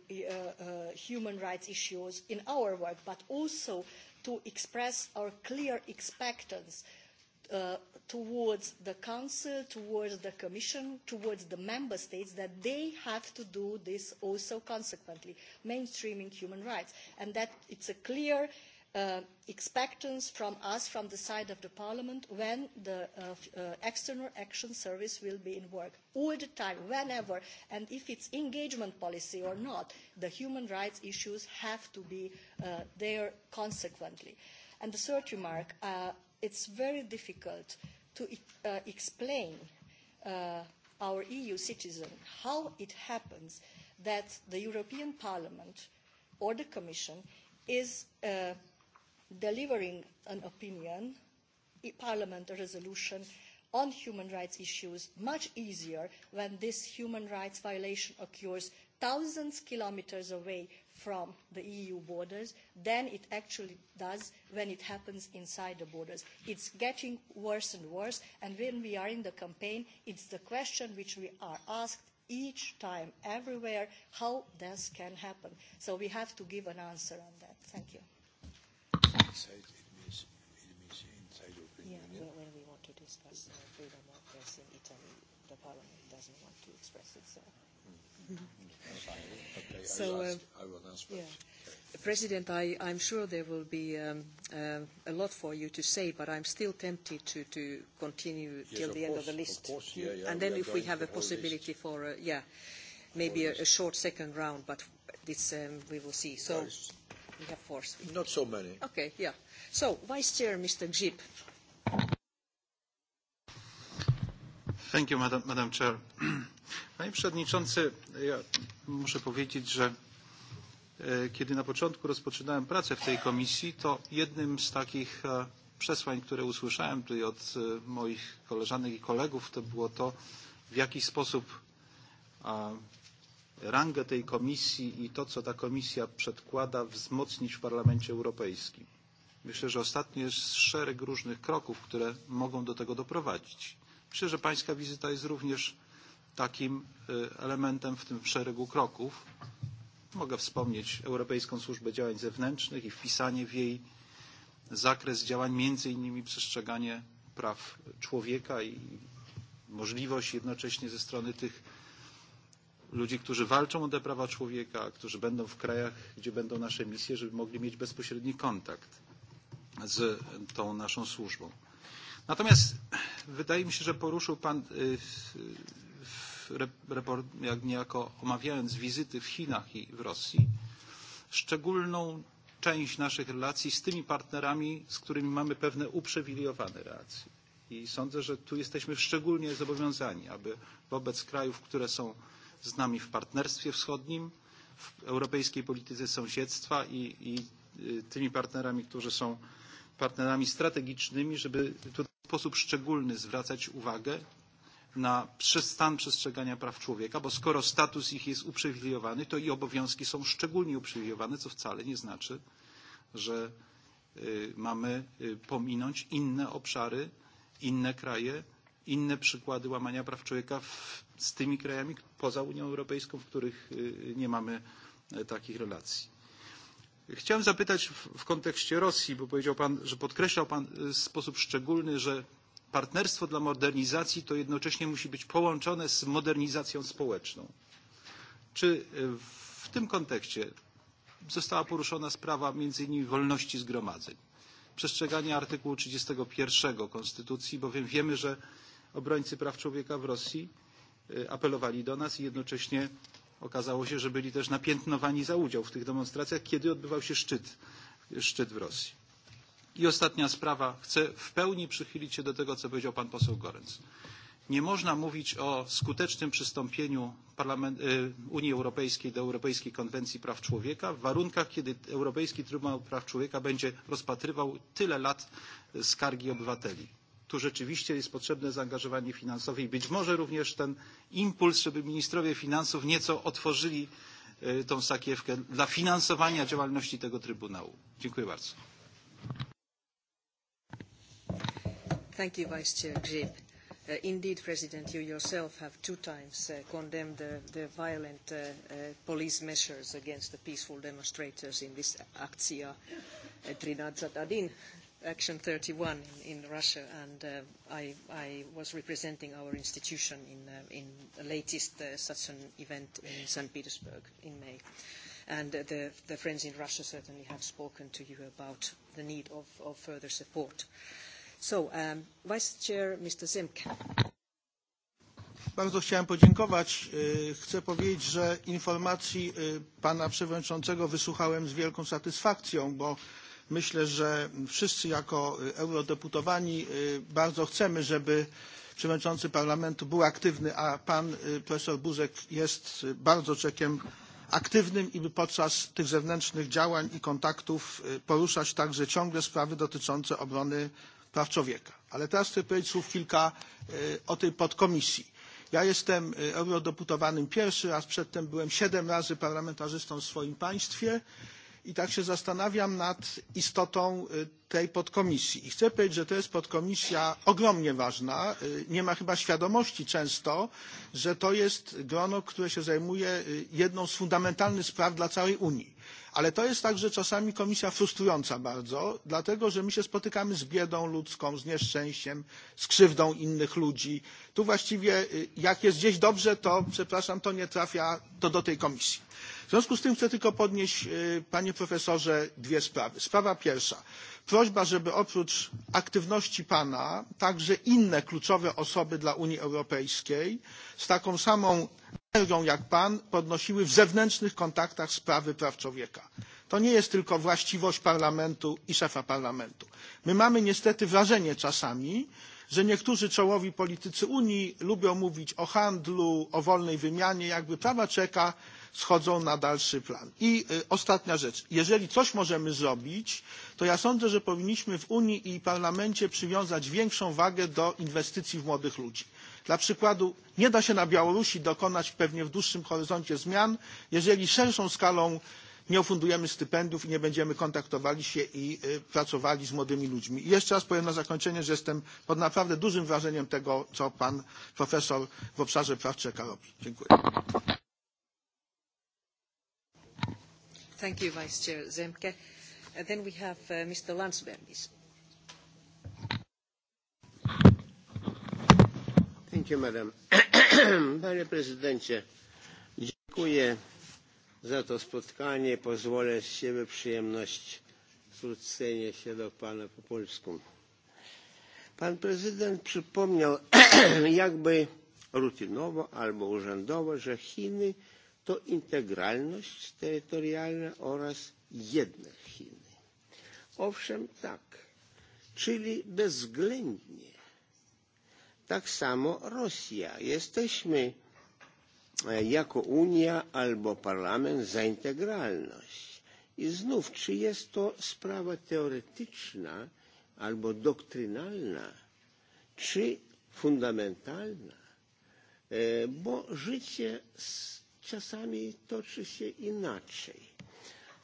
human rights issues in our work, but also to express our clear expectance towards the Council, towards the Commission, towards the Member States, that they have to do this also consequently, mainstreaming human rights. And that it's a clear expectance from us, from the side of the Parliament, when the External Action Service will be in work. All the time, whenever, and if it's engagement policy or not, the human rights issues have to be there consequently. And the third remark, it's very difficult to explain our EU citizens how it happens that the European Parliament or the Commission is delivering an opinion, a Parliament resolution on human rights issues much easier when this human rights violation occurs thousands of kilometres away from the EU borders than it actually does when it happens inside the borders. It's getting worse and worse, and when we are in the campaign, it's the question which we are asked each time, everywhere, how this can happen. So we have to give an answer on that. Thank you. Yeah, we want to discuss in Italy, the parliament doesn't want to express itself. So, President, I'm sure there will be a lot for you to say, but I'm still tempted to continue till the end of the list. And then if we have a possibility for, yeah, maybe a short second round, but this we will see. So, we have four. Not so many. Okay, yeah. So, Vice Chair, Mr. Gzip. Thank you, Madam Chair. Panie Przewodniczący, ja muszę powiedzieć, że kiedy na początku rozpoczynałem pracę w tej komisji, to jednym z takich przesłań, które usłyszałem tutaj od moich koleżanek i kolegów, to było to, w jaki sposób rangę tej komisji i to, co ta komisja przedkłada, wzmocnić w Parlamencie Europejskim. Myślę, że ostatnio jest szereg różnych kroków, które mogą do tego doprowadzić. Myślę, że pańska wizyta jest również takim elementem w tym szeregu kroków. Mogę wspomnieć Europejską Służbę Działań Zewnętrznych i wpisanie w jej zakres działań, między innymi przestrzeganie praw człowieka i możliwość jednocześnie ze strony tych ludzi, którzy walczą o te prawa człowieka, którzy będą w krajach, gdzie będą nasze misje, żeby mogli mieć bezpośredni kontakt z tą naszą służbą. Natomiast wydaje mi się, że poruszył Pan jak niejako omawiając wizyty w Chinach i w Rosji, szczególną część naszych relacji z tymi partnerami, z którymi mamy pewne uprzywilejowane relacje. I sądzę, że tu jesteśmy szczególnie zobowiązani, aby wobec krajów, które są z nami w partnerstwie wschodnim, w europejskiej polityce sąsiedztwa i tymi partnerami, którzy są partnerami strategicznymi, żeby tutaj sposób szczególny zwracać uwagę na stan przestrzegania praw człowieka, bo skoro status ich jest uprzywilejowany, to i obowiązki są szczególnie uprzywilejowane, co wcale nie znaczy, że mamy pominąć inne obszary, inne kraje, inne przykłady łamania praw człowieka z tymi krajami poza Unią Europejską, w których nie mamy takich relacji. Chciałem zapytać w kontekście Rosji, bo powiedział Pan, że podkreślał Pan w sposób szczególny, że partnerstwo dla modernizacji to jednocześnie musi być połączone z modernizacją społeczną. Czy w tym kontekście została poruszona sprawa między innymi wolności zgromadzeń, przestrzegania artykułu 31 Konstytucji, bowiem wiemy, że obrońcy praw człowieka w Rosji apelowali do nas i jednocześnie Okazało się, że byli też napiętnowani za udział w tych demonstracjach, kiedy odbywał się szczyt w Rosji. I ostatnia sprawa. Chcę w pełni przychylić się do tego, co powiedział pan poseł Gorenc. Nie można mówić o skutecznym przystąpieniu Unii Europejskiej do Europejskiej Konwencji Praw Człowieka w warunkach, kiedy Europejski Trybunał Praw Człowieka będzie rozpatrywał tyle lat skargi obywateli tu rzeczywiście jest potrzebne zaangażowanie finansowe i być może również ten impuls, żeby ministrowie finansów nieco otworzyli tą sakiewkę dla finansowania działalności tego Trybunału. Dziękuję bardzo. Thank you, Vice Chair Grzyb. Indeed, President, you yourself have two times condemned the the violent police measures against the peaceful demonstrators in this Akcija Trinadza Dadin Action 31 in Russia, and I was representing our institution in the latest such an event in St. Petersburg in May. And the friends in Russia certainly have spoken to you about the need of further support. So, Vice Chair, Mr. Zemke. Bardzo chciałem podziękować. Chcę powiedzieć, że informacji pana przewodniczącego wysłuchałem z wielką satysfakcją, bo Myślę, że wszyscy jako eurodeputowani bardzo chcemy, żeby przewodniczący parlamentu był aktywny, a pan profesor Buzek jest bardzo czekiem aktywnym i by podczas tych zewnętrznych działań i kontaktów poruszać także ciągle sprawy dotyczące obrony praw człowieka. Ale teraz chcę powiedzieć słów kilka o tej podkomisji. Ja jestem eurodeputowanym pierwszy raz, przedtem byłem siedem razy parlamentarzystą w swoim państwie i tak się zastanawiam nad istotą tej podkomisji. I chcę powiedzieć, że to jest podkomisja ogromnie ważna. Nie ma chyba świadomości często, że to jest grono, które się zajmuje jedną z fundamentalnych spraw dla całej Unii Ale to jest także czasami komisja frustrująca bardzo, dlatego że my się spotykamy z biedą ludzką, z nieszczęściem, z krzywdą innych ludzi. Tu właściwie jak jest gdzieś dobrze, to przepraszam, to nie trafia to do tej komisji. W związku z tym chcę tylko podnieść, panie profesorze, dwie sprawy. Sprawa pierwsza. Prośba, żeby oprócz aktywności pana także inne kluczowe osoby dla Unii Europejskiej z taką samą energią jak pan podnosiły w zewnętrznych kontaktach sprawy praw człowieka. To nie jest tylko właściwość parlamentu i szefa parlamentu. My mamy niestety wrażenie czasami, że niektórzy czołowi politycy Unii lubią mówić o handlu, o wolnej wymianie, jakby prawa czeka schodzą na dalszy plan. I ostatnia rzecz. Jeżeli coś możemy zrobić, to ja sądzę, że powinniśmy w Unii i Parlamencie przywiązać większą wagę do inwestycji w młodych ludzi. Dla przykładu, nie da się na Białorusi dokonać pewnie w dłuższym horyzoncie zmian, jeżeli szerszą skalą nie ofundujemy stypendiów i nie będziemy kontaktowali się i pracowali z młodymi ludźmi. I jeszcze raz powiem na zakończenie, że jestem pod naprawdę dużym wrażeniem tego, co pan profesor w obszarze praw człowieka robi. Dziękuję. Panie prezydencie, dziękuję za to spotkanie. Pozwolę z siebie przyjemność zwrócenia się do pana po polsku. Pan prezydent przypomniał jakby rutynowo albo urzędowo, że Chiny to integralność terytorialna oraz jedne Chiny. Owszem, tak, czyli bezwzględnie tak samo Rosja. Jesteśmy jako Unia albo Parlament za integralność. I znów, czy jest to sprawa teoretyczna albo doktrynalna, czy fundamentalna, bo życie czasami toczy się inaczej.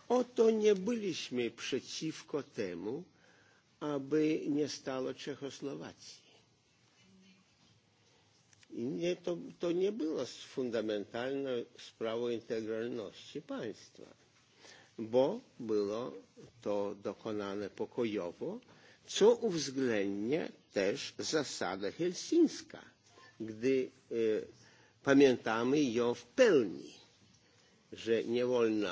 Oto nie byliśmy przeciwko temu, aby nie stało Czechosłowacji Nie, to, to nie było fundamentalną sprawą integralności państwa, bo było to dokonane pokojowo, co uwzględnia też zasada helsińska, gdy pamiętamy ją w pełni, że nie wolno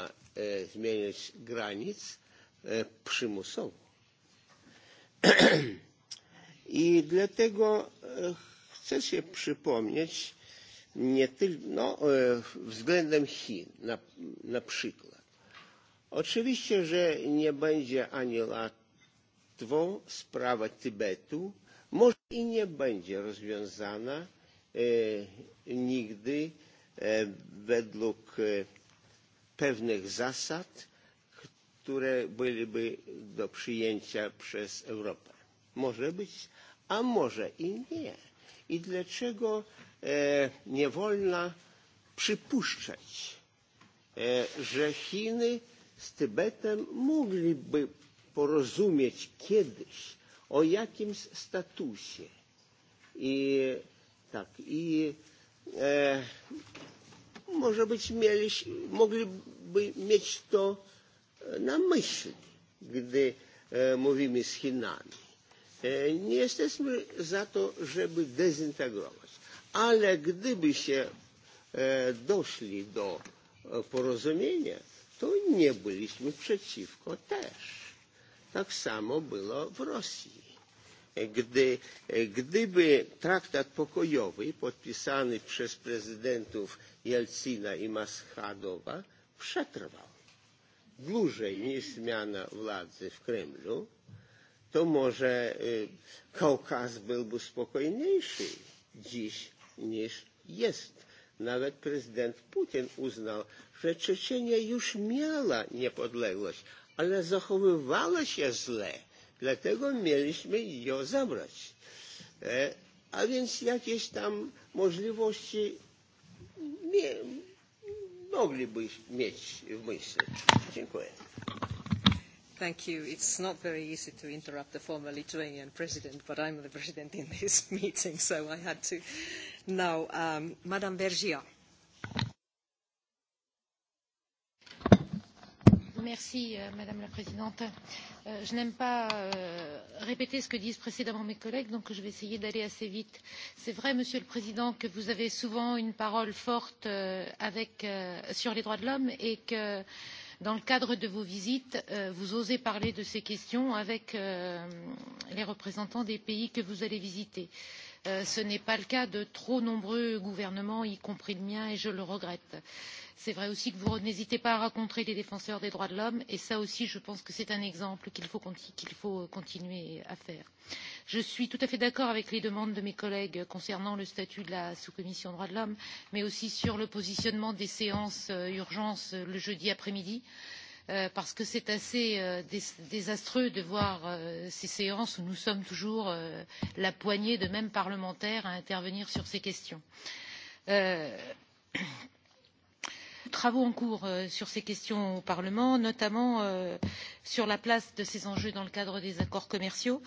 zmieniać granic przymusowo. I dlatego Chcę się przypomnieć nie tylko względem Chin na, na przykład. Oczywiście, że nie będzie ani łatwą sprawa Tybetu, może i nie będzie rozwiązana nigdy według pewnych zasad, które byłyby do przyjęcia przez Europę. Może być, a może i nie i dlaczego nie wolno przypuszczać, że Chiny z Tybetem mogliby porozumieć kiedyś o jakimś statusie. I tak, i może być mieli, mogliby mieć to na myśli, gdy mówimy z Chinami Nie jesteśmy za to, żeby dezintegrować, ale gdyby się doszli do porozumienia, to nie byliśmy przeciwko też. Tak samo było w Rosji. Gdy, gdyby traktat pokojowy podpisany przez prezydentów Jelcina i Maschadowa przetrwał dłużej niż zmiana władzy w Kremlu, to może Kaukaz byłby spokojniejszy dziś niż jest. Nawet prezydent Putin uznał, że Czeczenia już miała niepodległość, ale zachowywała się źle, dlatego mieliśmy ją zabrać. A więc jakieś tam możliwości moglibyśmy mieć w myśli. Dziękuję. Thank you. It's not very easy to interrupt the former Lithuanian president, but I'm the president in this meeting, so I had to. Now, Madame Bergia. Merci, Madame la Présidente. Je n'aime pas répéter ce que disent précédemment mes collègues, donc je vais essayer d'aller assez vite. C'est vrai, Monsieur le Président, que vous avez souvent une parole forte avec, sur les droits de l'homme et que Dans le cadre de vos visites, vous osez parler de ces questions avec les représentants des pays que vous allez visiter ce n'est pas le cas de trop nombreux gouvernements y compris le mien et je le regrette. c'est vrai aussi que vous n'hésitez pas à rencontrer les défenseurs des droits de l'homme et ça aussi je pense que c'est un exemple qu'il faut continuer à faire. je suis tout à fait d'accord avec les demandes de mes collègues concernant le statut de la sous commission des droits de l'homme mais aussi sur le positionnement des séances urgences le jeudi après midi parce que c'est assez désastreux de voir ces séances où nous sommes toujours la poignée de mêmes parlementaires à intervenir sur ces questions. Travaux en cours sur ces questions au Parlement, notamment sur la place de ces enjeux dans le cadre des accords commerciaux.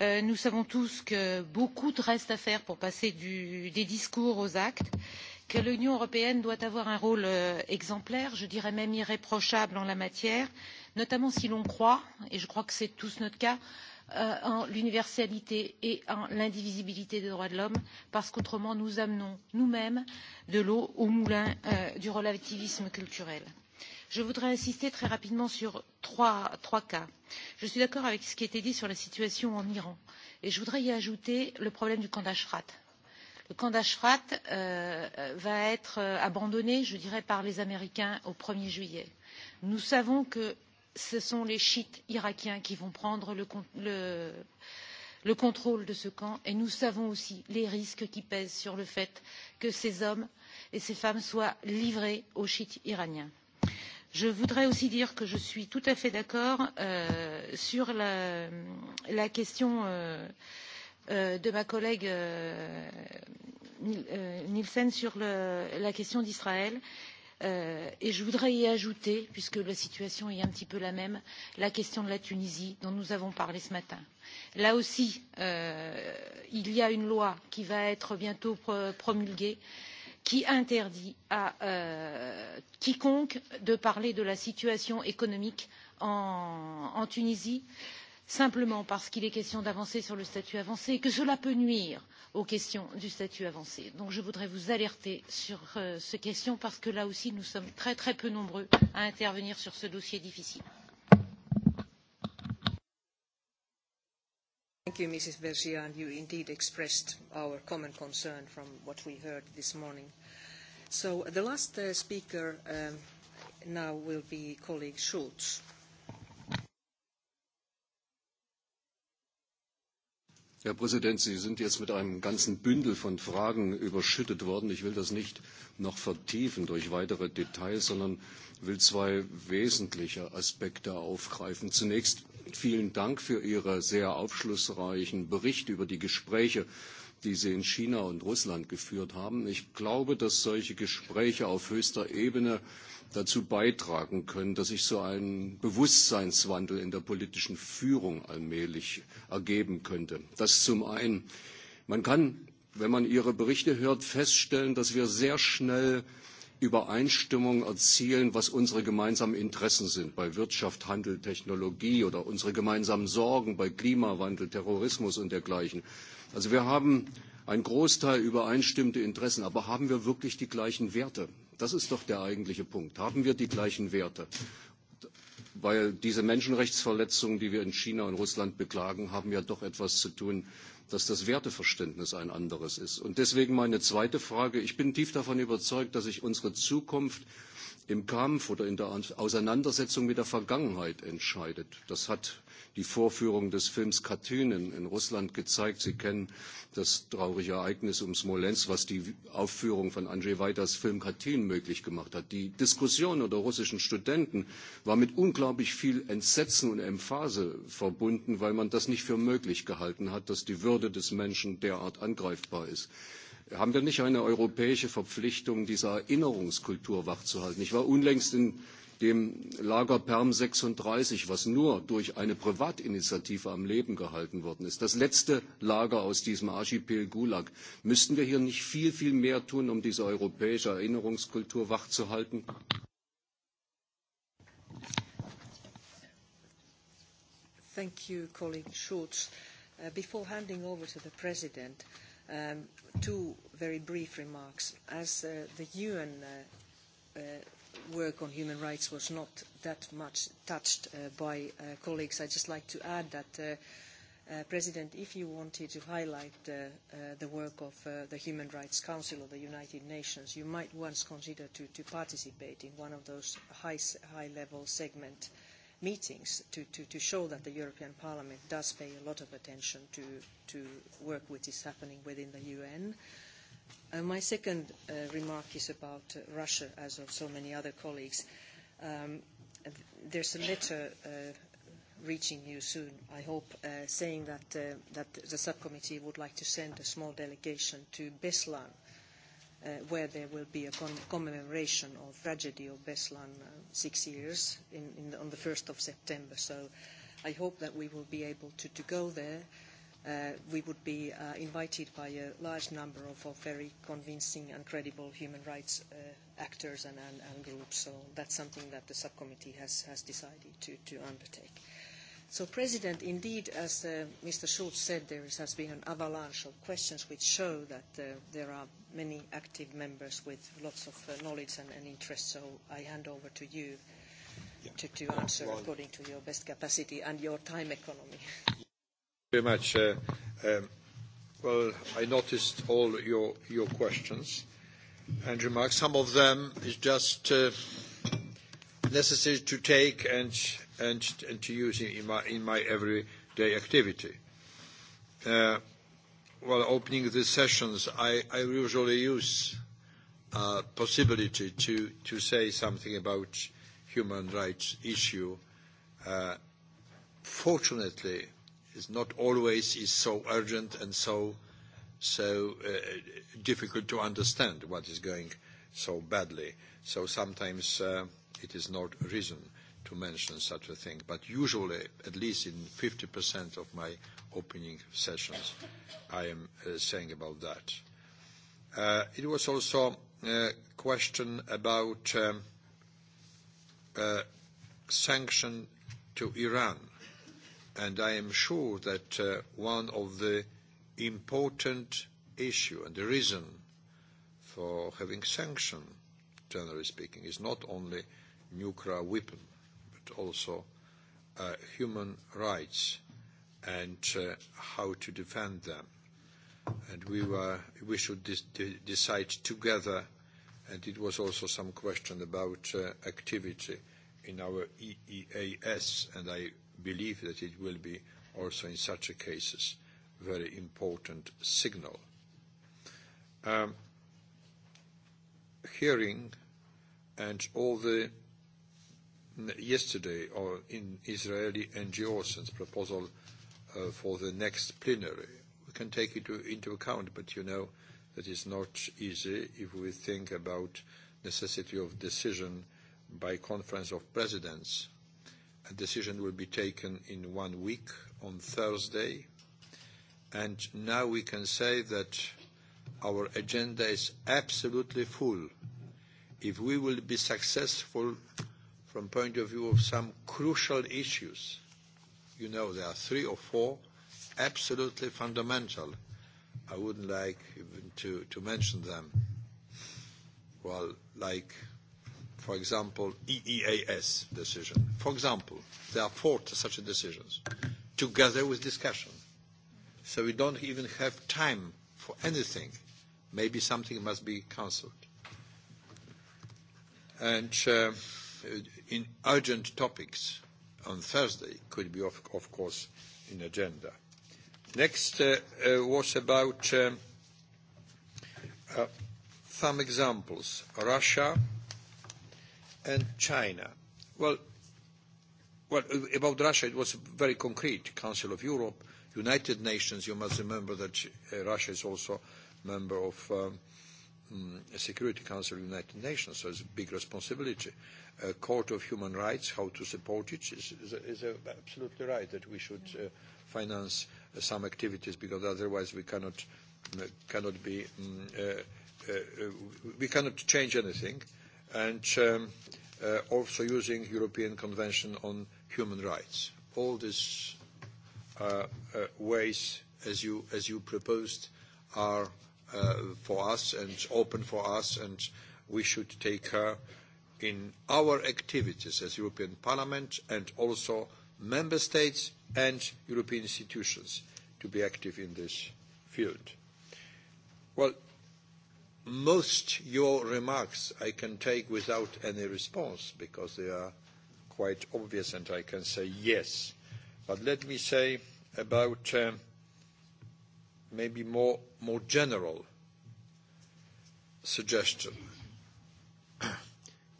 Nous savons tous que beaucoup reste à faire pour passer des discours aux actes que l'Union européenne doit avoir un rôle exemplaire, je dirais même irréprochable en la matière, notamment si l'on croit, et je crois que c'est tous notre cas, en l'universalité et en l'indivisibilité des droits de l'homme, parce qu'autrement nous amenons nous-mêmes de l'eau au moulin du relativisme culturel. Je voudrais insister très rapidement sur trois cas. Je suis d'accord avec ce qui a été dit sur la situation en Iran, et je voudrais y ajouter le problème du camp d'Ashraf Le camp euh, va être abandonné, je dirais, par les Américains au 1er juillet. Nous savons que ce sont les chiites irakiens qui vont prendre le contrôle de ce camp et nous savons aussi les risques qui pèsent sur le fait que ces hommes et ces femmes soient livrés aux chiites iraniens. Je voudrais aussi dire que je suis tout à fait d'accord sur la question de ma collègue nielsen sur la question d'israël et je voudrais y ajouter puisque la situation est un petit peu la même la question de la tunisie dont nous avons parlé ce matin. là aussi il y a une loi qui va être bientôt promulguée qui interdit à quiconque de parler de la situation économique en tunisie simplement parce qu'il est question d'avancer sur le statut avancé et que cela peut nuire aux questions du statut avancé. donc je voudrais vous alerter sur ces questions parce que là aussi nous sommes très très peu nombreux à intervenir sur ce dossier difficile. speaker Herr Präsident, Sie sind jetzt mit einem ganzen Bündel von Fragen überschüttet worden. Ich will das nicht noch vertiefen durch weitere Details, sondern will zwei wesentliche Aspekte aufgreifen. Zunächst vielen Dank für Ihren sehr aufschlussreichen Bericht über die Gespräche die sie in China und Russland geführt haben. Ich glaube, dass solche Gespräche auf höchster Ebene dazu beitragen können, dass sich so ein Bewusstseinswandel in der politischen Führung allmählich ergeben könnte. Das zum einen. Man kann, wenn man Ihre Berichte hört, feststellen, dass wir sehr schnell Übereinstimmung erzielen, was unsere gemeinsamen Interessen sind, bei Wirtschaft, Handel, Technologie oder unsere gemeinsamen Sorgen bei Klimawandel, Terrorismus und dergleichen. Also wir haben einen Großteil übereinstimmte Interessen, aber haben wir wirklich die gleichen Werte? Das ist doch der eigentliche Punkt. Haben wir die gleichen Werte? Weil diese Menschenrechtsverletzungen, die wir in China und Russland beklagen, haben ja doch etwas zu tun dass das Werteverständnis ein anderes ist. Und deswegen meine zweite Frage. Ich bin tief davon überzeugt, dass sich unsere Zukunft im Kampf oder in der Auseinandersetzung mit der Vergangenheit entscheidet. Das hat die Vorführung des Films Katynen in Russland gezeigt. Sie kennen das traurige Ereignis um Smolensk, was die Aufführung von Andrzej Wajdas Film Katyn möglich gemacht hat. Die Diskussion unter russischen Studenten war mit unglaublich viel Entsetzen und Emphase verbunden, weil man das nicht für möglich gehalten hat, dass die Würde des Menschen derart angreifbar ist. Haben wir nicht eine europäische Verpflichtung, diese Erinnerungskultur wachzuhalten? Ich war unlängst in dem Lager Perm 36, was nur durch eine Privatinitiative am Leben gehalten worden ist, das letzte Lager aus diesem Archipel Gulag. Müssten wir hier nicht viel, viel mehr tun, um diese europäische Erinnerungskultur wachzuhalten? Thank you, colleague Before handing over to the President, two very brief remarks. As the UN work on human rights was not that much touched by colleagues. I'd just like to add that, President, if you wanted to highlight the work of the Human Rights Council of the United Nations, you might once consider to participate in one of those high-level segment meetings to show that the European Parliament does pay a lot of attention to work which is happening within the UN My second remark is about Russia, as of so many other colleagues. There's a letter reaching you soon, I hope, saying that the subcommittee would like to send a small delegation to Beslan, where there will be a commemoration of tragedy of Beslan six years on the 1st of September. So I hope that we will be able to go there we would be invited by a large number of very convincing and credible human rights actors and groups. So that's something that the subcommittee has decided to undertake. So, President, indeed, as Mr. Schulz said, there has been an avalanche of questions which show that there are many active members with lots of knowledge and interest. So I hand over to you to answer according to your best capacity and your time economy very much. Well, I noticed all your your questions and remarks. Some of them is just necessary to take and to use in my in my everyday activity. While opening the sessions, I I usually use possibility to to say something about human rights issue. Fortunately is not always is so urgent and so so difficult to understand what is going so badly. So sometimes it is not reason to mention such a thing. But usually, at least in 50% of my opening sessions, I am saying about that. It was also a question about sanction to Iran and I am sure that one of the important issue and the reason for having sanction, generally speaking, is not only nuclear weapon, but also human rights and how to defend them. And we were we should decide together. And it was also some question about activity in our EEAS, and I believe that it will be also in such a cases very important signal. Hearing and all the yesterday or in Israeli NGOs and proposal for the next plenary, we can take it into account, but you know that is not easy if we think about necessity of decision by Conference of Presidents A decision will be taken in one week on Thursday. And now we can say that our agenda is absolutely full. If we will be successful from point of view of some crucial issues, you know there are three or four absolutely fundamental. I wouldn't like even to mention them. Well, like for example, EEAS decision. For example, there are four such decisions, together with discussion. So we don't even have time for anything. Maybe something must be cancelled. And in urgent topics on Thursday could be, of course, in agenda. Next was about some examples. Russia and China. Well, about Russia, it was very concrete. Council of Europe, United Nations. You must remember that Russia is also a member of Security Council of United Nations, so it's a big responsibility. Court of Human Rights, how to support it is absolutely right that we should finance some activities because otherwise we cannot cannot be we cannot change anything and also using European Convention on Human Rights. All these ways, as you as you proposed, are for us and open for us, and we should take her in our activities as European Parliament and also Member States and European institutions to be active in this field. Well, most your remarks I can take without any response because they are quite obvious and I can say yes. But let me say about maybe more more general suggestion.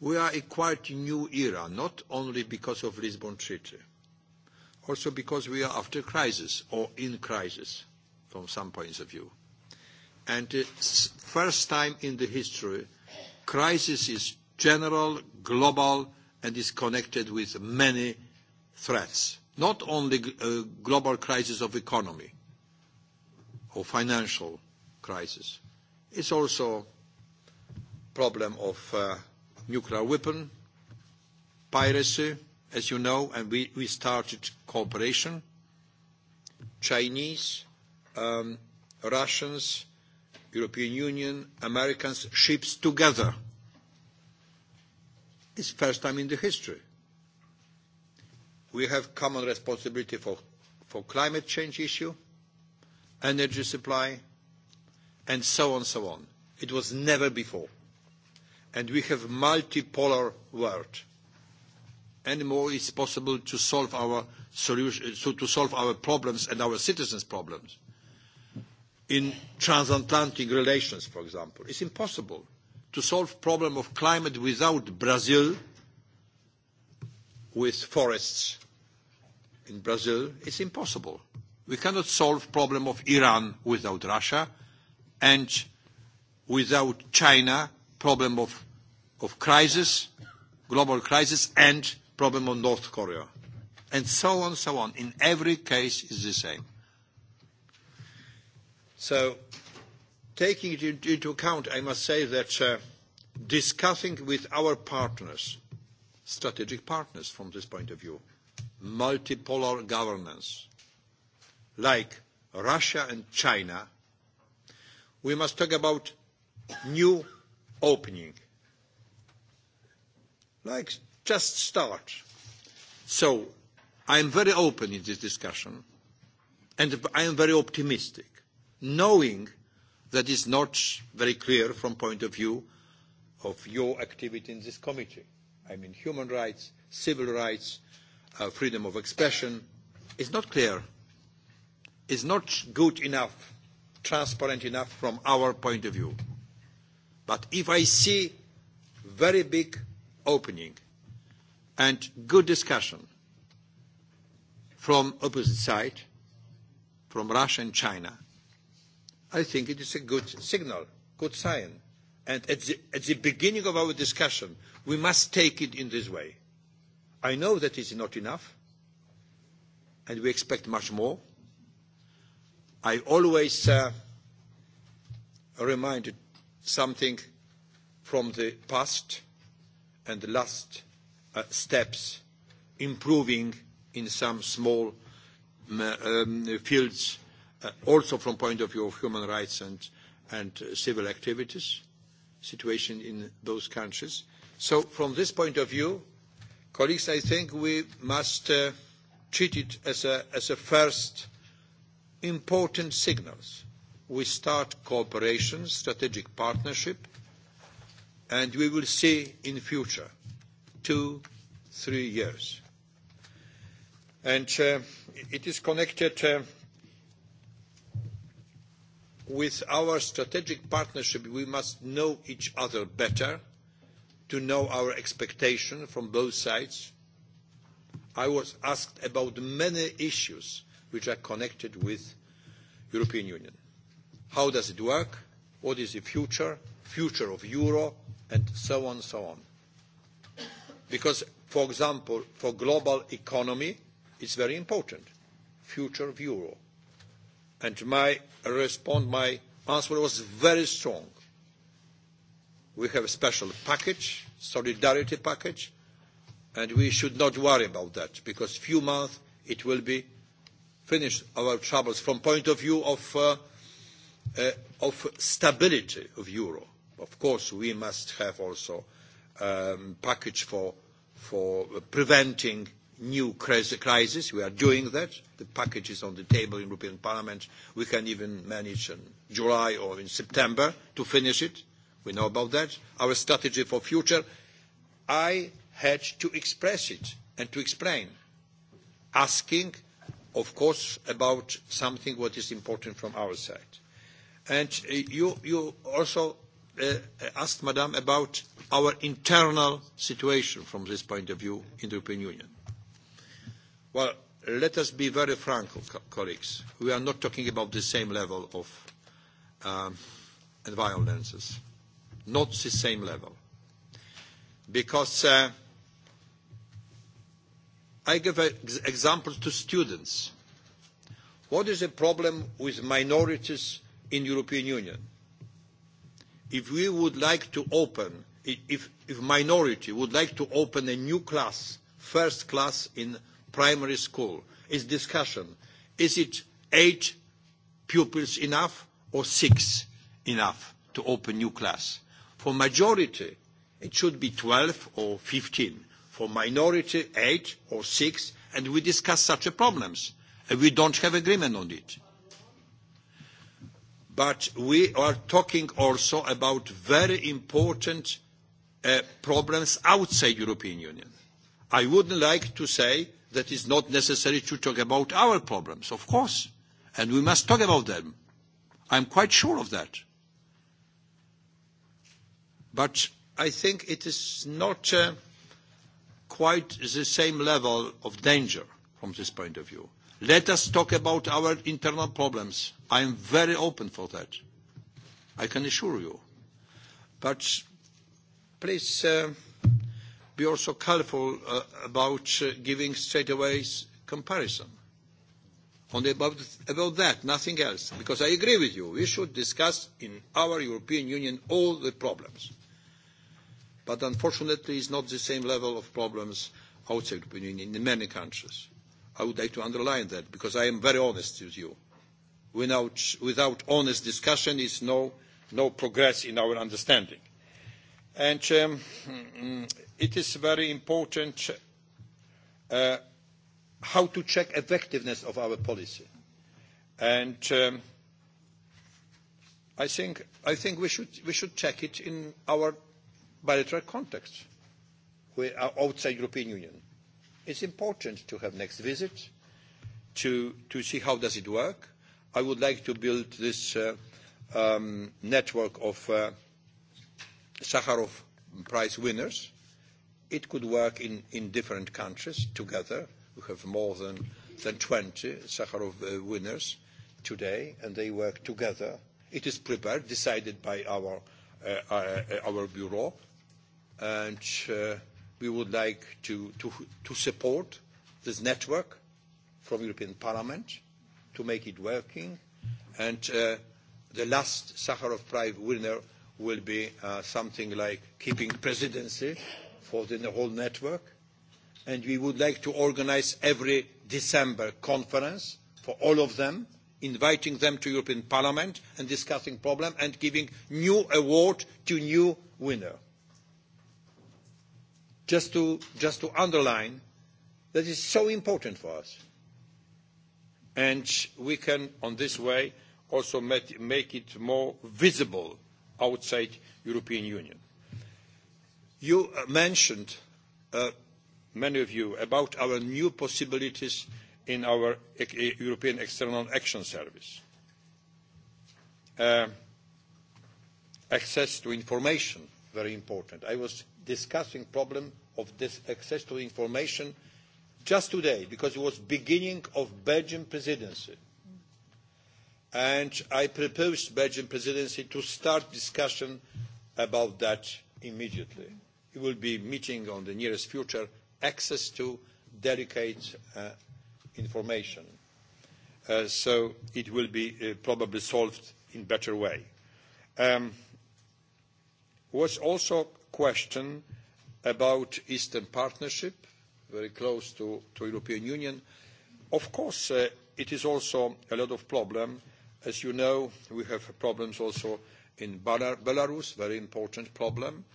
We are a quite new era, not only because of Lisbon Treaty, also because we are after crisis or in crisis from some points of view and the first time in the history, crisis is general, global, and is connected with many threats. Not only global crisis of economy or financial crisis. It's also problem of nuclear weapon, piracy, as you know, and we, we started cooperation. Chinese, Russians, European Union, Americans ships together. It's first time in the history. We have common responsibility for for climate change issue, energy supply, and so on, so on. It was never before. And we have multipolar world. Anymore more it's possible to solve our to solve our problems and our citizens' problems in transatlantic relations, for example. is impossible to solve problem of climate without Brazil with forests in Brazil. It's impossible. We cannot solve problem of Iran without Russia and without China, problem of, of crisis, global crisis, and problem of North Korea. And so on, so on. In every case, is the same. So taking it into account, I must say that discussing with our partners, strategic partners from this point of view, multipolar governance, like Russia and China, we must talk about new opening, like just start. So I am very open in this discussion, and I am very optimistic knowing that is not very clear from point of view of your activity in this committee. I mean, human rights, civil rights, freedom of expression is not clear, is not good enough, transparent enough from our point of view. But if I see very big opening and good discussion from opposite side, from Russia and China, I think it is a good signal, good sign. And at the, at the beginning of our discussion, we must take it in this way. I know that is not enough, and we expect much more. I always uh, remind something from the past and the last steps, improving in some small fields also from point of view of human rights and civil activities, situation in those countries. So from this point of view, colleagues, I think we must treat it as a first important signal. We start cooperation, strategic partnership, and we will see in future, two, three years. And it is connected with our strategic partnership, we must know each other better to know our expectations from both sides. I was asked about many issues which are connected with European Union. How does it work? What is the future? Future of Euro? And so on, so on. Because, for example, for global economy, it's very important. Future of Euro And my response, my answer was very strong. We have a special package, solidarity package, and we should not worry about that because few months it will be finished our troubles from point of view of stability of euro. Of course, we must have also a package for preventing new crisis. We are doing that. The package is on the table in European Parliament. We can even manage in July or in September to finish it. We know about that. Our strategy for future, I had to express it and to explain, asking, of course, about something what is important from our side. And you also asked, Madam, about our internal situation from this point of view in the European Union. Well, let us be very frank, colleagues. We are not talking about the same level of violences. Not the same level. Because I give examples to students. What is the problem with minorities in European Union? If we would like to open, if minority would like to open a new class, first class in primary school is discussion. Is it eight pupils enough or six enough to open new class? For majority, it should be 12 or 15. For minority, eight or six, and we discuss such problems, and we don't have agreement on it. But we are talking also about very important problems outside European Union. I wouldn't like to say that is not necessary to talk about our problems, of course, and we must talk about them. I am quite sure of that. But I think it is not quite the same level of danger from this point of view. Let us talk about our internal problems. I am very open for that. I can assure you. But please be also careful about giving away comparison. Only about that, nothing else. Because I agree with you, we should discuss in our European Union all the problems. But unfortunately, it's not the same level of problems outside the European Union in many countries. I would like to underline that because I am very honest with you. Without honest discussion, there is no progress in our understanding. And it is very important how to check effectiveness of our policy. And I think I think we should we should check it in our bilateral context are outside European Union. It's important to have next visit, to to see how does it work. I would like to build this network of Sakharov Prize winners. It could work in in different countries together. We have more than than 20 Sakharov winners today, and they work together. It is prepared, decided by our our bureau, and we would like to to to support this network from European Parliament to make it working. And the last Sakharov Prize winner will be something like keeping presidency for the whole network. And we would like to organise every December conference for all of them, inviting them to European Parliament and discussing problem and giving new award to new winner. Just to underline that is so important for us. And we can, on this way, also make it more visible outside European Union. You mentioned, many of you, about our new possibilities in our European External Action Service. Access to information, very important. I was discussing problem of this access to information just today because it was beginning of Belgian presidency and I propose the Belgian presidency to start discussion about that immediately. It will be meeting on the nearest future, access to delicate information. So it will be probably solved in a better way. Was also a question about Eastern Partnership, very close to the European Union. Of course, it is also a lot of problem As you know, we have problems also in Belarus, very important problem.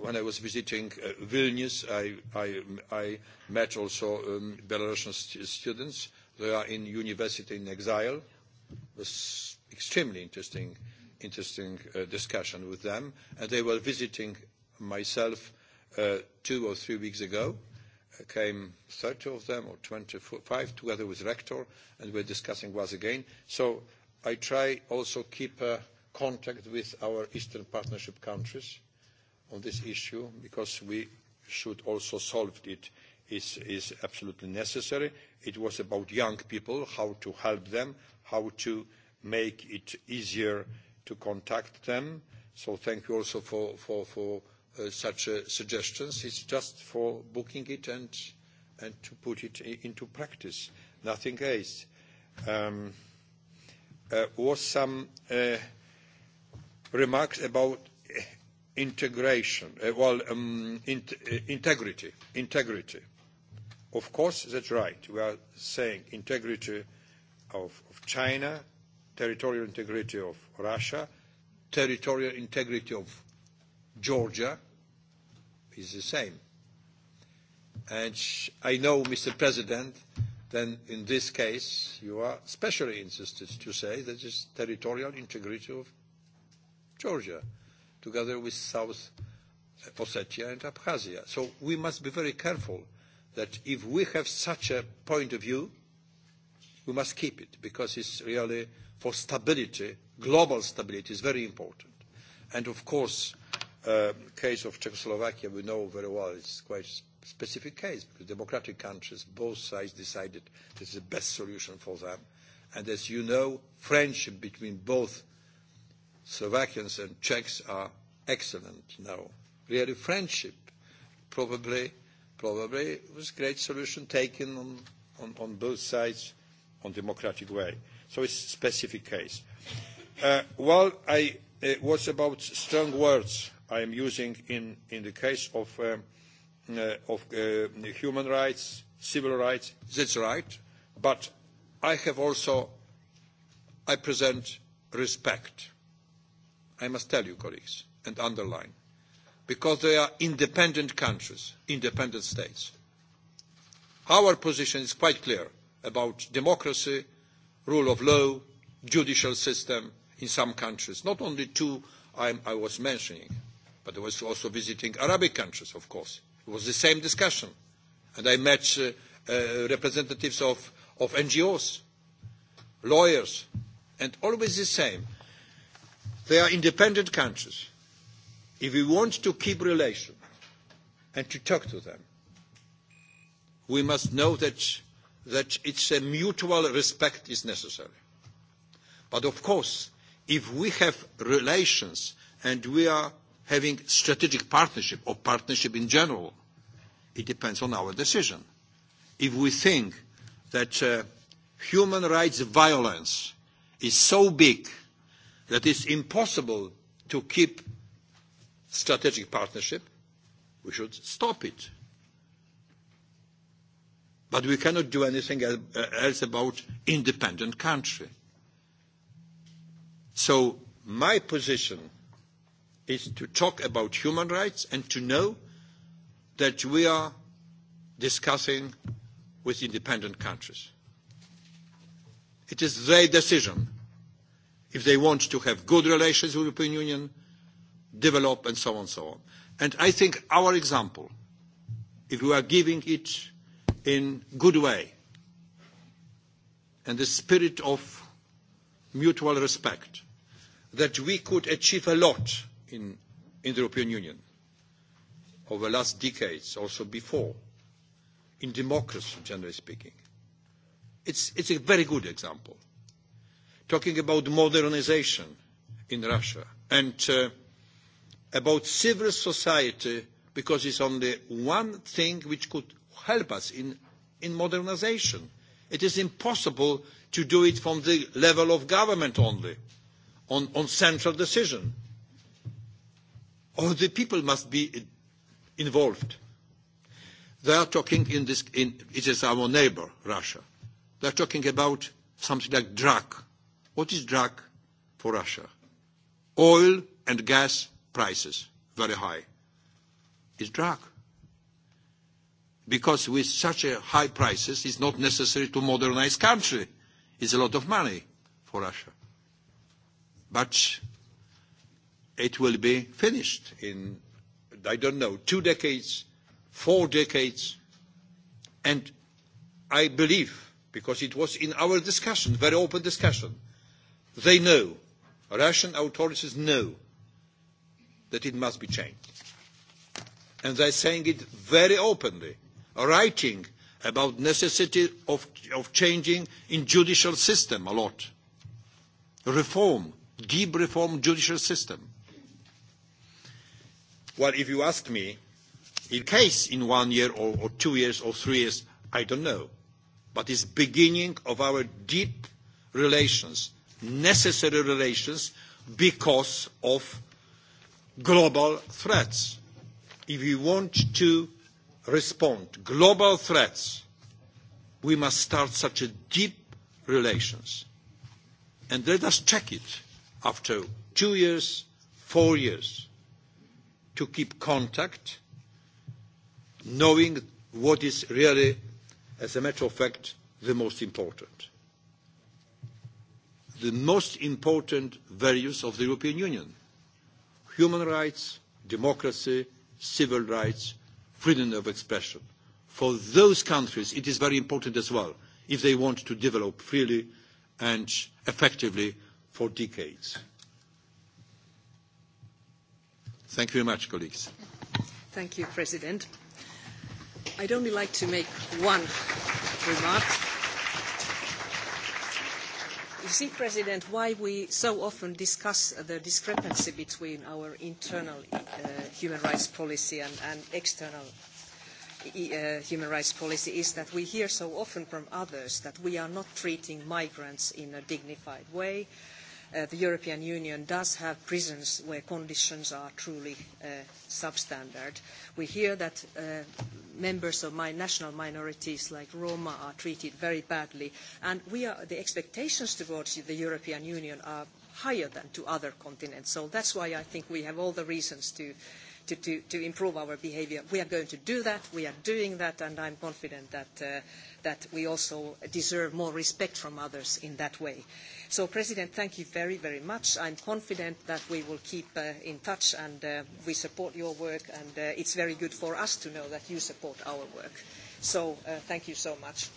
When I was visiting Vilnius, I met also Belarusian students. They are in university in exile. It was extremely interesting interesting discussion with them. And they were visiting myself two or three weeks ago came 30 of them or 25 together with rector and we're discussing once again. So I try also keep contact with our Eastern Partnership countries on this issue because we should also solve it is absolutely necessary. It was about young people, how to help them, how to make it easier to contact them. So thank you also for such suggestions. It's just for booking it and to put it into practice, nothing else. Was some remarks about integration, well, integrity, integrity. Of course, that's right. We are saying integrity of China, territorial integrity of Russia, territorial integrity of Georgia is the same. And I know, Mr. President, then in this case you are especially insisted to say that is territorial integrity of Georgia, together with South Ossetia and Abkhazia. So we must be very careful that if we have such a point of view, we must keep it because it's really for stability, global stability is very important. And of course, case of Czechoslovakia we know very well it's quite a specific case because democratic countries, both sides decided this is the best solution for them. And as you know, friendship between both Slovakians and Czechs are excellent now. Really friendship probably probably was a great solution taken on, on, on both sides on democratic way. So it's a specific case. well, I, was about strong words I am using in the case of human rights, civil rights. That's right. But I have also, I present respect. I must tell you, colleagues, and underline, because they are independent countries, independent states. Our position is quite clear about democracy, rule of law, judicial system in some countries, not only two I was mentioning but I was also visiting Arabic countries, of course. It was the same discussion. And I met representatives of NGOs, lawyers, and always the same. They are independent countries. If we want to keep relations and to talk to them, we must know that it's a mutual respect is necessary. But of course, if we have relations and we are having strategic partnership or partnership in general, it depends on our decision. If we think that human rights violence is so big that it's impossible to keep strategic partnership, we should stop it. But we cannot do anything else about independent country. So my position is to talk about human rights and to know that we are discussing with independent countries. It is their decision if they want to have good relations with the European Union, develop and so on and so on. And I think our example, if we are giving it in a good way, and the spirit of mutual respect, that we could achieve a lot in the European Union over the last decades, also before, in democracy, generally speaking. It's a very good example. Talking about modernization in Russia and about civil society, because it's only one thing which could help us in modernization. It is impossible to do it from the level of government only, on central decision. All the people must be involved. They are talking in this, in, it is our neighbor, Russia. They are talking about something like drug. What is drug for Russia? Oil and gas prices, very high. It's drug. Because with such a high prices, it's not necessary to modernize country. It's a lot of money for Russia. But it will be finished in, I don't know, two decades, four decades. And I believe, because it was in our discussion, very open discussion, they know, Russian authorities know that it must be changed. And they are saying it very openly, writing about necessity of changing in judicial system a lot. Reform, deep reform judicial system Well, if you ask me, in case in one year or two years or three years, I don't know. But it's beginning of our deep relations, necessary relations, because of global threats. If we want to respond global threats, we must start such a deep relations. And let us check it after two years, four years to keep contact, knowing what is really, as a matter of fact, the most important. The most important values of the European Union human rights, democracy, civil rights, freedom of expression. For those countries it is very important as well if they want to develop freely and effectively for decades. Thank you very much, colleagues. Thank you, President. I'd only like to make one remark. You see, President, why we so often discuss the discrepancy between our internal human rights policy and external human rights policy is that we hear so often from others that we are not treating migrants in a dignified way the European Union does have prisons where conditions are truly substandard. We hear that members of my national minorities like Roma are treated very badly, and the expectations towards the European Union are higher than to other continents. So that's why I think we have all the reasons to to improve our behaviour. We are going to do that. We are doing that, and I'm confident that that we also deserve more respect from others in that way. So, President, thank you very, very much. I'm confident that we will keep in touch and we support your work and it's very good for us to know that you support our work. So, thank you so much.